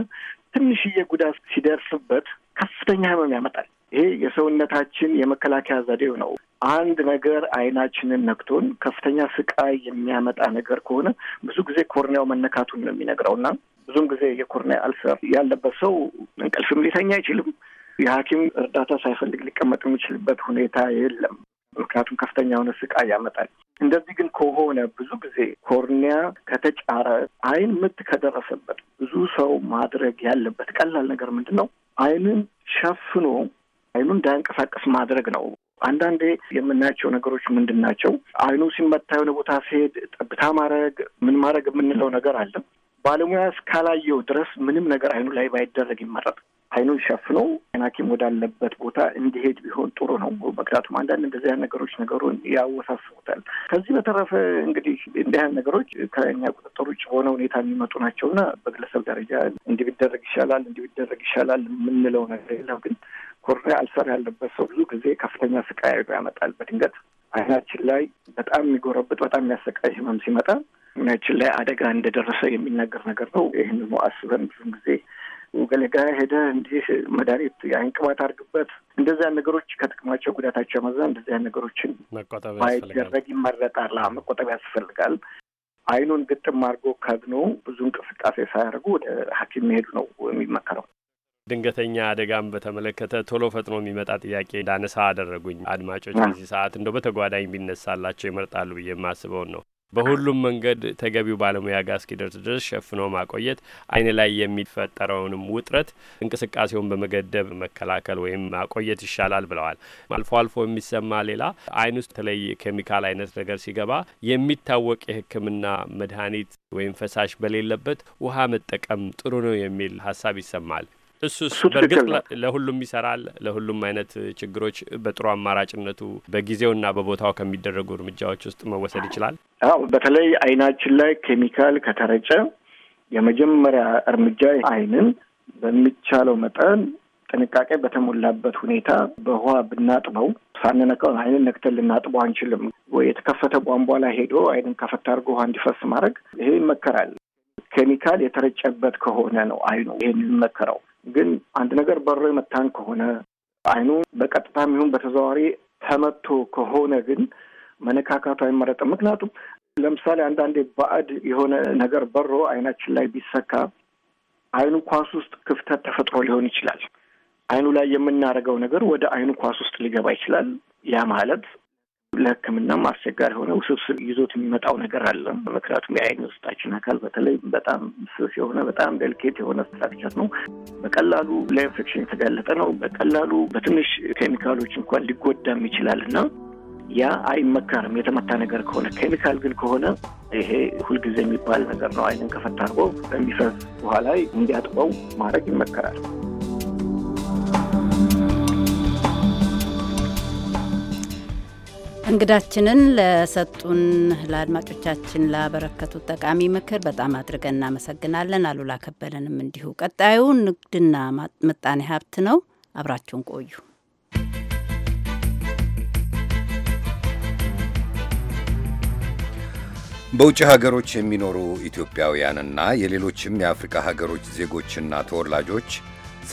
S5: ትንሽዬ ጉዳት ሲደርስበት ከፍተኛ ህመም ያመጣል። ይሄ የሰውነታችን የመከላከያ ዘዴው ነው። አንድ ነገር አይናችንን ነክቶን ከፍተኛ ስቃይ የሚያመጣ ነገር ከሆነ ብዙ ጊዜ ኮርኒያው መነካቱን ነው የሚነግረው እና ብዙም ጊዜ የኮርኒያ አልሰር ያለበት ሰው እንቅልፍም ሊተኛ አይችልም። የሐኪም እርዳታ ሳይፈልግ ሊቀመጥ የሚችልበት ሁኔታ የለም። ምክንያቱም ከፍተኛ የሆነ ስቃይ ያመጣል። እንደዚህ ግን ከሆነ ብዙ ጊዜ ኮርኒያ ከተጫረ አይን ምት ከደረሰበት ብዙ ሰው ማድረግ ያለበት ቀላል ነገር ምንድን ነው? አይንን ሸፍኖ አይኑ እንዳያንቀሳቀስ ማድረግ ነው። አንዳንዴ የምናያቸው ነገሮች ምንድን ናቸው? አይኑ ሲመታ የሆነ ቦታ ሲሄድ ጠብታ ማድረግ ምን ማድረግ የምንለው ነገር አለ። ባለሙያ እስካላየው ድረስ ምንም ነገር አይኑ ላይ ባይደረግ ይመረጥ። ኃይሉን ሸፍኖ ጤና ሐኪም ወዳለበት ቦታ እንዲሄድ ቢሆን ጥሩ ነው። ምክንያቱም አንዳንድ እንደዚህ ነገሮች ነገሩን ያወሳስቡታል። ከዚህ በተረፈ እንግዲህ እንዲህ አይነት ነገሮች ከኛ ቁጥጥር ውጭ በሆነ ሁኔታ የሚመጡ ናቸውና በግለሰብ ደረጃ እንዲህ ቢደረግ ይሻላል፣ እንዲህ ቢደረግ ይሻላል የምንለው ነገር የለም። ግን ኮሬ አልሰር ያለበት ሰው ብዙ ጊዜ ከፍተኛ ስቃይ ያመጣል። በድንገት አይናችን ላይ በጣም የሚጎረብጥ በጣም የሚያሰቃይ ህመም ሲመጣ አይናችን ላይ አደጋ እንደደረሰ የሚናገር ነገር ነው። ይህንኑ አስበን ብዙን ጊዜ ገለጋ ሄደ እንዲህ መድኃኒት ያን ቅባት አድርግበት እንደዚያ ነገሮች ከጥቅማቸው ጉዳታቸው መዛ እንደዚያ ነገሮችን
S14: ባይደረግ
S5: ይመረጣል። መቆጠብ ያስፈልጋል። አይኑን ግጥም አድርጎ ከድኖ ብዙ እንቅስቃሴ ሳያደርጉ ወደ ሐኪም መሄዱ ነው የሚመከረው።
S14: ድንገተኛ አደጋም በተመለከተ ቶሎ ፈጥኖ የሚመጣ ጥያቄ እንዳነሳ አደረጉኝ አድማጮች። በዚህ ሰዓት እንደው በተጓዳኝ ቢነሳላቸው ይመርጣሉ ብዬ የማስበውን ነው በሁሉም መንገድ ተገቢው ባለሙያ ጋር እስኪደርስ ድረስ ሸፍኖ ማቆየት አይን ላይ የሚፈጠረውንም ውጥረት እንቅስቃሴውን በመገደብ መከላከል ወይም ማቆየት ይሻላል ብለዋል። አልፎ አልፎ የሚሰማ ሌላ አይን ውስጥ የተለይ ኬሚካል አይነት ነገር ሲገባ የሚታወቅ የሕክምና መድኃኒት ወይም ፈሳሽ በሌለበት ውሃ መጠቀም ጥሩ ነው የሚል ሀሳብ ይሰማል። እሱስ በእርግጥ ለሁሉም ይሰራል። ለሁሉም አይነት ችግሮች በጥሩ አማራጭነቱ በጊዜውና በቦታው ከሚደረጉ እርምጃዎች ውስጥ መወሰድ ይችላል።
S5: አዎ፣ በተለይ አይናችን ላይ ኬሚካል ከተረጨ የመጀመሪያ እርምጃ አይንን በሚቻለው መጠን ጥንቃቄ በተሞላበት ሁኔታ በውሃ ብናጥበው ሳንነካው አይንን ነክተን ልናጥበው አንችልም። ወይ የተከፈተ ቧንቧ ላይ ሄዶ አይንን ከፈት አድርጎ ውሃ እንዲፈስ ማድረግ ይሄ ይመከራል። ኬሚካል የተረጨበት ከሆነ ነው አይኑ ይሄን የሚመከረው። ግን አንድ ነገር በሮ የመታን ከሆነ አይኑ በቀጥታ የሚሆን በተዘዋዋሪ ተመቶ ከሆነ ግን መነካካቱ አይመረጥም። ምክንያቱም ለምሳሌ አንዳንዴ ባዕድ የሆነ ነገር በሮ አይናችን ላይ ቢሰካ አይኑ ኳስ ውስጥ ክፍተት ተፈጥሮ ሊሆን ይችላል። አይኑ ላይ የምናደርገው ነገር ወደ አይኑ ኳስ ውስጥ ሊገባ ይችላል። ያ ማለት ለሕክምናም አስቸጋሪ የሆነ ውስብስብ ይዞት የሚመጣው ነገር አለ። ምክንያቱም የአይን ውስጣችን አካል በተለይ በጣም ስስ የሆነ በጣም ደልኬት የሆነ ስትራክቸር ነው። በቀላሉ ለኢንፌክሽን የተጋለጠ ነው። በቀላሉ በትንሽ ኬሚካሎች እንኳን ሊጎዳም ይችላል እና ያ አይመከርም። የተመታ ነገር ከሆነ ኬሚካል ግን ከሆነ ይሄ ሁልጊዜ የሚባል ነገር ነው። አይንን ከፈታ አድርጎ በሚፈስ በኋላ እንዲያጥበው ማድረግ ይመከራል።
S1: እንግዳችንን ለሰጡን ለአድማጮቻችን ላበረከቱት ጠቃሚ ምክር በጣም አድርገን እናመሰግናለን። አሉላ ከበደንም እንዲሁ። ቀጣዩ ንግድና ምጣኔ ሀብት ነው። አብራችሁን ቆዩ።
S2: በውጭ ሀገሮች የሚኖሩ ኢትዮጵያውያንና የሌሎችም የአፍሪካ ሀገሮች ዜጎችና ተወላጆች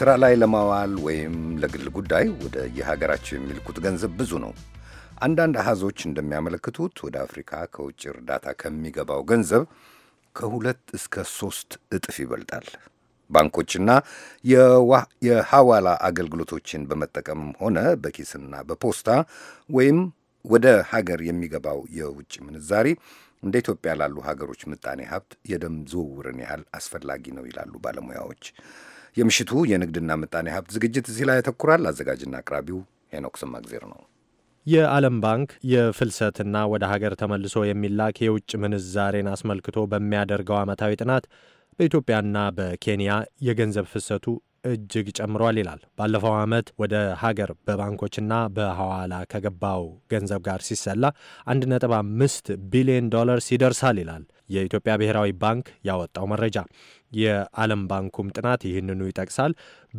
S2: ስራ ላይ ለማዋል ወይም ለግል ጉዳይ ወደ የሀገራቸው የሚልኩት ገንዘብ ብዙ ነው። አንዳንድ አሃዞች እንደሚያመለክቱት ወደ አፍሪካ ከውጭ እርዳታ ከሚገባው ገንዘብ ከሁለት እስከ ሶስት እጥፍ ይበልጣል። ባንኮችና የሐዋላ አገልግሎቶችን በመጠቀምም ሆነ በኪስና በፖስታ ወይም ወደ ሀገር የሚገባው የውጭ ምንዛሪ እንደ ኢትዮጵያ ላሉ ሀገሮች ምጣኔ ሀብት የደም ዝውውርን ያህል አስፈላጊ ነው ይላሉ ባለሙያዎች። የምሽቱ የንግድና ምጣኔ ሀብት ዝግጅት እዚህ ላይ ያተኩራል። አዘጋጅና አቅራቢው ሄኖክ ስማግዜር ነው።
S15: የዓለም ባንክ የፍልሰትና ወደ ሀገር ተመልሶ የሚላክ የውጭ ምንዛሬን አስመልክቶ በሚያደርገው ዓመታዊ ጥናት በኢትዮጵያና በኬንያ የገንዘብ ፍሰቱ እጅግ ጨምሯል ይላል። ባለፈው ዓመት ወደ ሀገር በባንኮችና በሐዋላ ከገባው ገንዘብ ጋር ሲሰላ 1.5 ቢሊዮን ዶላርስ ይደርሳል ይላል የኢትዮጵያ ብሔራዊ ባንክ ያወጣው መረጃ። የዓለም ባንኩም ጥናት ይህንኑ ይጠቅሳል።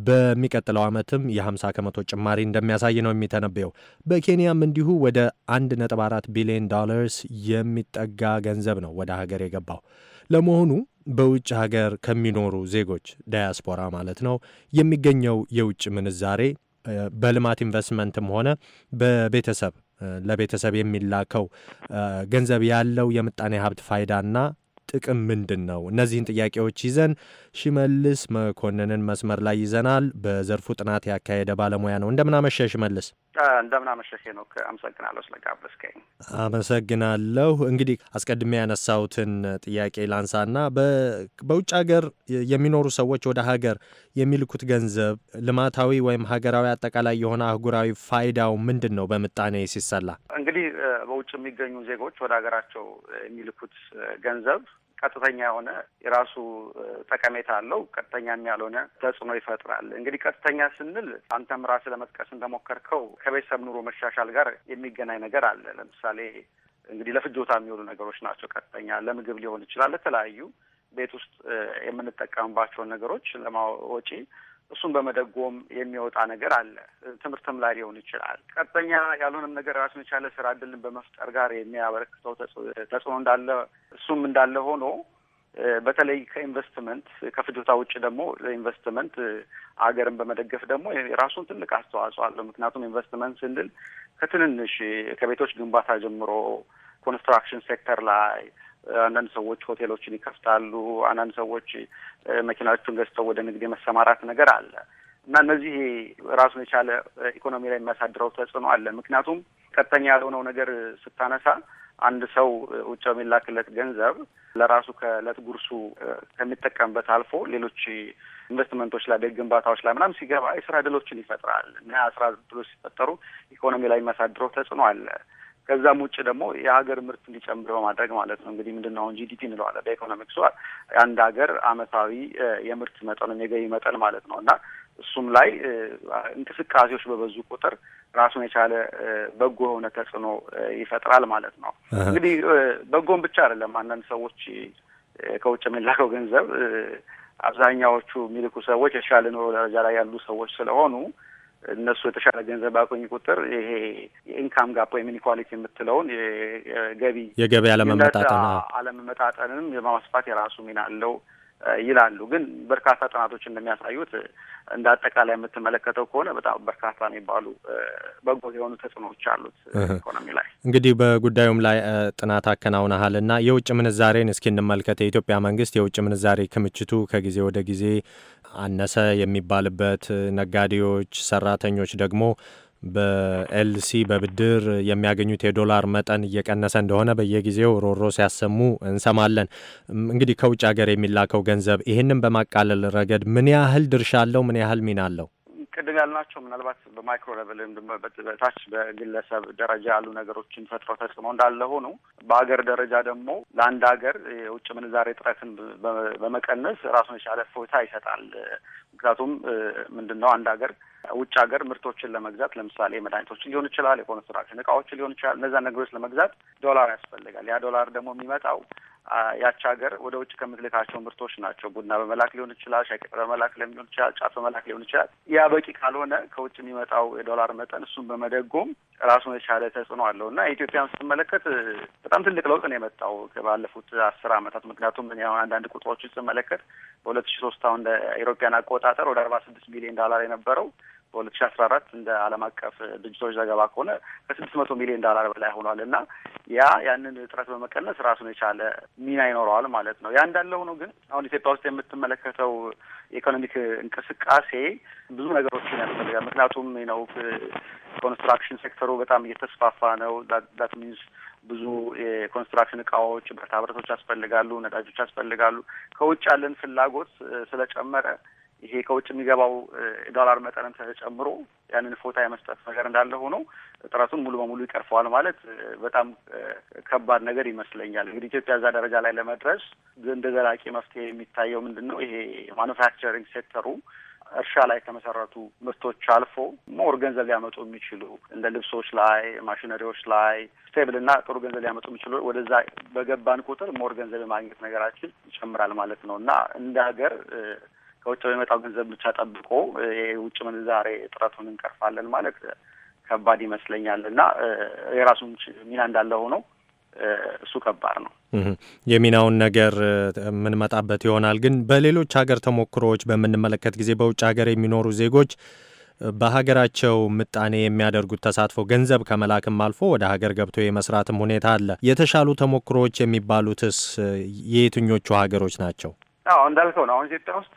S15: በሚቀጥለው ዓመትም የ50 ከመቶ ጭማሪ እንደሚያሳይ ነው የሚተነበየው። በኬንያም እንዲሁ ወደ 1.4 ቢሊዮን ዶላርስ የሚጠጋ ገንዘብ ነው ወደ ሀገር የገባው። ለመሆኑ በውጭ ሀገር ከሚኖሩ ዜጎች ዳያስፖራ ማለት ነው የሚገኘው የውጭ ምንዛሬ በልማት ኢንቨስትመንትም ሆነ በቤተሰብ ለቤተሰብ የሚላከው ገንዘብ ያለው የምጣኔ ሀብት ፋይዳና ጥቅም ምንድን ነው? እነዚህን ጥያቄዎች ይዘን ሽመልስ መኮንንን መስመር ላይ ይዘናል። በዘርፉ ጥናት ያካሄደ ባለሙያ ነው። እንደምናመሸ ሽመልስ
S10: እንደምናመሸሽ ሄኖክ፣ አመሰግናለሁ ስለጋበዝከኝ።
S15: አመሰግናለሁ። እንግዲህ አስቀድሜ ያነሳሁትን ጥያቄ ላንሳና በውጭ ሀገር የሚኖሩ ሰዎች ወደ ሀገር የሚልኩት ገንዘብ ልማታዊ ወይም ሀገራዊ አጠቃላይ የሆነ አህጉራዊ ፋይዳው ምንድን ነው? በምጣኔ ሲሰላ
S10: እንግዲህ በውጭ የሚገኙ ዜጎች ወደ ሀገራቸው የሚልኩት ገንዘብ ቀጥተኛ የሆነ የራሱ ጠቀሜታ አለው፣ ቀጥተኛም ያልሆነ ተጽዕኖ ይፈጥራል። እንግዲህ ቀጥተኛ ስንል አንተም ራስ ለመጥቀስ እንደሞከርከው ከቤተሰብ ኑሮ መሻሻል ጋር የሚገናኝ ነገር አለ። ለምሳሌ እንግዲህ ለፍጆታ የሚውሉ ነገሮች ናቸው። ቀጥተኛ ለምግብ ሊሆን ይችላል፣ ለተለያዩ ቤት ውስጥ የምንጠቀምባቸውን ነገሮች ለማወጪ እሱን በመደጎም የሚወጣ ነገር አለ። ትምህርትም ላይ ሊሆን ይችላል። ቀጥተኛ ያልሆነም ነገር ራሱን የቻለ ስራ እድልን በመፍጠር ጋር የሚያበረክተው ተጽዕኖ እንዳለ እሱም እንዳለ ሆኖ በተለይ ከኢንቨስትመንት ከፍጆታ ውጭ ደግሞ ለኢንቨስትመንት አገርን በመደገፍ ደግሞ የራሱን ትልቅ አስተዋጽኦ አለው። ምክንያቱም ኢንቨስትመንት ስንል ከትንንሽ ከቤቶች ግንባታ ጀምሮ ኮንስትራክሽን ሴክተር ላይ አንዳንድ ሰዎች ሆቴሎችን ይከፍታሉ። አንዳንድ ሰዎች መኪናዎቹን ገዝተው ወደ ንግድ የመሰማራት ነገር አለ እና እነዚህ ራሱን የቻለ ኢኮኖሚ ላይ የሚያሳድረው ተጽዕኖ አለ። ምክንያቱም ቀጥተኛ ያልሆነው ነገር ስታነሳ አንድ ሰው ውጭ የሚላክለት ገንዘብ ለራሱ ከእለት ጉርሱ ከሚጠቀምበት አልፎ ሌሎች ኢንቨስትመንቶች ላይ ቤት ግንባታዎች ላይ ምናምን ሲገባ የስራ እድሎችን ይፈጥራል እና ስራ እድሎች ሲፈጠሩ ኢኮኖሚ ላይ የሚያሳድረው ተጽዕኖ አለ። ከዛም ውጭ ደግሞ የሀገር ምርት እንዲጨምር በማድረግ ማለት ነው። እንግዲህ ምንድን ነው አሁን ጂዲፒ እንለዋለን በኢኮኖሚክሱ የአንድ ሀገር አመታዊ የምርት መጠን የገቢ መጠን ማለት ነው እና እሱም ላይ እንቅስቃሴዎች በበዙ ቁጥር ራሱን የቻለ በጎ የሆነ ተጽዕኖ ይፈጥራል ማለት ነው። እንግዲህ በጎን ብቻ አይደለም። አንዳንድ ሰዎች ከውጭ የሚላከው ገንዘብ አብዛኛዎቹ የሚልኩ ሰዎች የተሻለ ኑሮ ደረጃ ላይ ያሉ ሰዎች ስለሆኑ እነሱ የተሻለ ገንዘብ ባቆኝ ቁጥር ይሄ ኢንካም ጋፕ ወይም ኢኒኳሊቲ የምትለውን የገቢ የገቢ አለመመጣጠን አለመመጣጠንም የማስፋት የራሱ ሚና አለው ይላሉ። ግን በርካታ ጥናቶች እንደሚያሳዩት እንደ አጠቃላይ የምትመለከተው ከሆነ በጣም በርካታ የሚባሉ በጎ የሆኑ ተጽዕኖዎች አሉት
S15: ኢኮኖሚ ላይ። እንግዲህ በጉዳዩም ላይ ጥናት አከናውናሃል እና የውጭ ምንዛሬን እስኪ እንመልከት። የኢትዮጵያ መንግስት የውጭ ምንዛሬ ክምችቱ ከጊዜ ወደ ጊዜ አነሰ የሚባልበት ነጋዴዎች፣ ሰራተኞች ደግሞ በኤልሲ በብድር የሚያገኙት የዶላር መጠን እየቀነሰ እንደሆነ በየጊዜው ሮሮ ሲያሰሙ እንሰማለን። እንግዲህ ከውጭ ሀገር የሚላከው ገንዘብ ይህንን በማቃለል ረገድ ምን ያህል ድርሻ አለው? ምን ያህል ሚና አለው?
S10: ቅድም ያልናቸው ምናልባት በማይክሮ ደሞ በታች በግለሰብ ደረጃ ያሉ ነገሮችን ፈጥሮ ተጽዕኖ እንዳለ ሆኖ በሀገር ደረጃ ደግሞ ለአንድ ሀገር የውጭ ምንዛሬ ጥረትን በመቀነስ ራሱን የቻለ እፎይታ ይሰጣል። ምክንያቱም ምንድን ነው አንድ ሀገር ውጭ ሀገር ምርቶችን ለመግዛት ለምሳሌ መድኃኒቶችን ሊሆን ይችላል፣ የኮንስትራክሽን እቃዎችን ሊሆን ይችላል። እነዚያን ነገሮች ለመግዛት ዶላር ያስፈልጋል። ያ ዶላር ደግሞ የሚመጣው ያች ሀገር ወደ ውጭ ከምትልካቸው ምርቶች ናቸው። ቡና በመላክ ሊሆን ይችላል፣ ሻይ በመላክ ሊሆን ይችላል፣ ጫት በመላክ ሊሆን ይችላል። ያ በቂ ካልሆነ ከውጭ የሚመጣው የዶላር መጠን እሱን በመደጎም ራሱን የቻለ ተጽዕኖ አለው እና ኢትዮጵያን ስትመለከት በጣም ትልቅ ለውጥ ነው የመጣው ከባለፉት አስር ዓመታት ምክንያቱም እኔ አሁን አንዳንድ ቁጥሮችን ስመለከት በሁለት ሺ ሶስት አሁን ኢሮፒያን አቆጣጠር ወደ አርባ ስድስት ቢሊዮን ዶላር የነበረው በሁለት ሺ አስራ አራት እንደ ዓለም አቀፍ ድርጅቶች ዘገባ ከሆነ ከስድስት መቶ ሚሊዮን ዶላር በላይ ሆኗል እና ያ ያንን እጥረት በመቀነስ ራሱን የቻለ ሚና ይኖረዋል ማለት ነው። ያ እንዳለ ሆኖ ግን አሁን ኢትዮጵያ ውስጥ የምትመለከተው የኢኮኖሚክ እንቅስቃሴ ብዙ ነገሮችን ያስፈልጋል። ምክንያቱም ነው ኮንስትራክሽን ሴክተሩ በጣም እየተስፋፋ ነው። ዳት ሚንስ ብዙ የኮንስትራክሽን እቃዎች፣ ብረታ ብረቶች ያስፈልጋሉ፣ ነዳጆች ያስፈልጋሉ። ከውጭ ያለን ፍላጎት ስለጨመረ ይሄ ከውጭ የሚገባው ዶላር መጠንም ተጨምሮ ያንን ፎታ የመስጠት ነገር እንዳለ ሆኖ ጥረቱን ሙሉ በሙሉ ይቀርፈዋል ማለት በጣም ከባድ ነገር ይመስለኛል። እንግዲህ ኢትዮጵያ እዛ ደረጃ ላይ ለመድረስ እንደ ዘላቂ መፍትሄ የሚታየው ምንድን ነው? ይሄ ማኑፋክቸሪንግ ሴክተሩ እርሻ ላይ ከመሰረቱ ምርቶች አልፎ ሞር ገንዘብ ሊያመጡ የሚችሉ እንደ ልብሶች ላይ፣ ማሽነሪዎች ላይ ስቴብል እና ጥሩ ገንዘብ ሊያመጡ የሚችሉ ወደዛ በገባን ቁጥር ሞር ገንዘብ የማግኘት ነገራችን ይጨምራል ማለት ነው እና እንደ ሀገር ከውጭ በሚመጣው ገንዘብ ብቻ ጠብቆ የውጭ ምንዛሬ እጥረቱን እንቀርፋለን ማለት ከባድ ይመስለኛል እና የራሱን ሚና እንዳለ ሆኖ
S15: እሱ ከባድ ነው። የሚናውን ነገር የምንመጣበት ይሆናል። ግን በሌሎች ሀገር ተሞክሮዎች በምንመለከት ጊዜ በውጭ ሀገር የሚኖሩ ዜጎች በሀገራቸው ምጣኔ የሚያደርጉት ተሳትፎ ገንዘብ ከመላክም አልፎ ወደ ሀገር ገብቶ የመስራትም ሁኔታ አለ። የተሻሉ ተሞክሮዎች የሚባሉትስ የየትኞቹ ሀገሮች ናቸው?
S10: አዎ እንዳልከው ነው። አሁን ኢትዮጵያ ውስጥ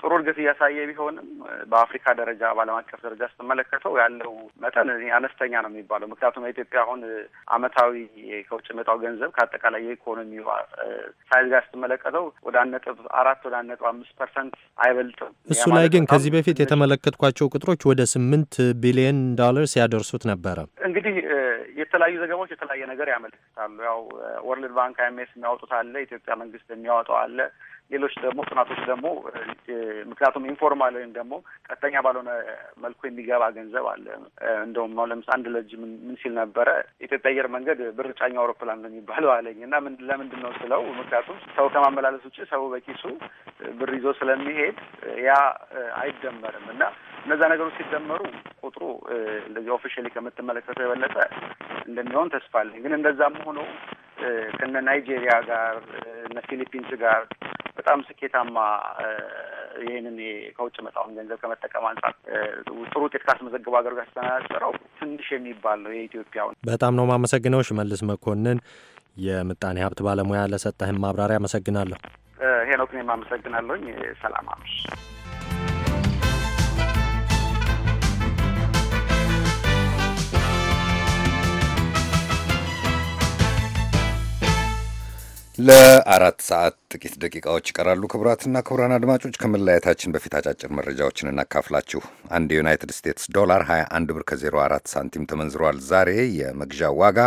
S10: ጥሩ እድገት እያሳየ ቢሆንም በአፍሪካ ደረጃ በዓለም አቀፍ ደረጃ ስትመለከተው ያለው መጠን አነስተኛ ነው የሚባለው። ምክንያቱም ኢትዮጵያ አሁን አመታዊ ከውጭ መጣው ገንዘብ ከአጠቃላይ የኢኮኖሚ ሳይዝ ጋር ስትመለከተው ወደ አንድ ነጥብ አራት ወደ አንድ ነጥብ አምስት ፐርሰንት አይበልጥም። እሱ ላይ ግን ከዚህ
S15: በፊት የተመለከትኳቸው ቁጥሮች ወደ ስምንት ቢሊዮን ዶላርስ ያደርሱት ነበረ።
S10: እንግዲህ የተለያዩ ዘገባዎች የተለያየ ነገር ያመለክታሉ። ያው ወርልድ ባንክ አይኤምኤፍ የሚያወጡት አለ፣ ኢትዮጵያ መንግስት የሚያወጣው አለ ሌሎች ደግሞ ጥናቶች ደግሞ ምክንያቱም ኢንፎርማል ወይም ደግሞ ቀጥተኛ ባልሆነ መልኩ የሚገባ ገንዘብ አለ። እንደውም ነው ለምሳ አንድ ልጅ ምን ሲል ነበረ ኢትዮጵያ አየር መንገድ ብር ጫኝ አውሮፕላን ነው የሚባለው አለኝ እና ለምንድን ነው ስለው ምክንያቱም ሰው ከማመላለስ ውጭ ሰው በኪሱ ብር ይዞ ስለሚሄድ ያ አይደመርም እና እነዛ ነገሮች ሲደመሩ ቁጥሩ እንደዚህ ኦፊሻሊ ከምትመለከተው የበለጠ እንደሚሆን ተስፋ አለኝ። ግን እንደዛም ሆኖ ከነ ናይጄሪያ ጋር እነ ፊሊፒንስ ጋር በጣም ስኬታማ ይህንን ከውጭ መጣውን ገንዘብ ከመጠቀም አንጻር ጥሩ ውጤት ካስመዘገቡ ሀገር ጋር ስናነጽረው ትንሽ የሚባል ነው የኢትዮጵያውን።
S15: በጣም ነው ማመሰግነው ሽመልስ መኮንን የምጣኔ ሀብት ባለሙያ ለሰጠህን ማብራሪያ አመሰግናለሁ።
S10: ሄኖክ እኔም አመሰግናለሁኝ። ሰላም አምሽ
S2: ለአራት ሰዓት ጥቂት ደቂቃዎች ይቀራሉ። ክቡራትና ክቡራን አድማጮች ከመለያየታችን በፊት አጫጭር መረጃዎችን እናካፍላችሁ። አንድ የዩናይትድ ስቴትስ ዶላር 21 ብር ከ04 ሳንቲም ተመንዝሯል። ዛሬ የመግዣ ዋጋ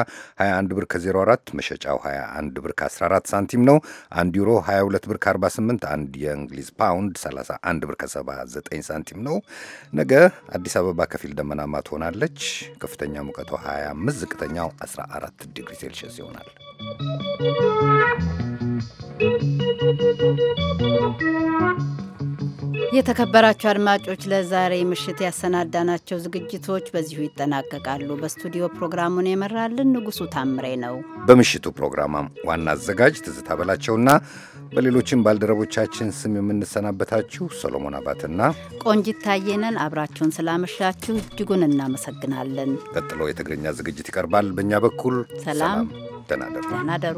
S2: 21 ብር ከ04፣ መሸጫው 21 ብር ከ14 ሳንቲም ነው። አንድ ዩሮ 22 ብር ከ48፣ አንድ የእንግሊዝ ፓውንድ 31 ብር ከ79 ሳንቲም ነው። ነገ አዲስ አበባ ከፊል ደመናማ ትሆናለች። ከፍተኛ ሙቀቷ 25፣ ዝቅተኛው 14 ዲግሪ ሴልሺየስ ይሆናል።
S1: የተከበራቸው አድማጮች ለዛሬ ምሽት ያሰናዳናቸው ዝግጅቶች በዚሁ ይጠናቀቃሉ። በስቱዲዮ ፕሮግራሙን የመራልን ንጉሱ ታምሬ ነው።
S2: በምሽቱ ፕሮግራም ዋና አዘጋጅ ትዝታ በላቸውና በሌሎችም ባልደረቦቻችን ስም የምንሰናበታችሁ ሰሎሞን አባትና
S1: ቆንጂት ታየነን አብራችሁን ስላመሻችሁ እጅጉን እናመሰግናለን።
S2: ቀጥሎ የትግርኛ ዝግጅት ይቀርባል። በእኛ በኩል ሰላም፣ ደህና
S1: ደሩ።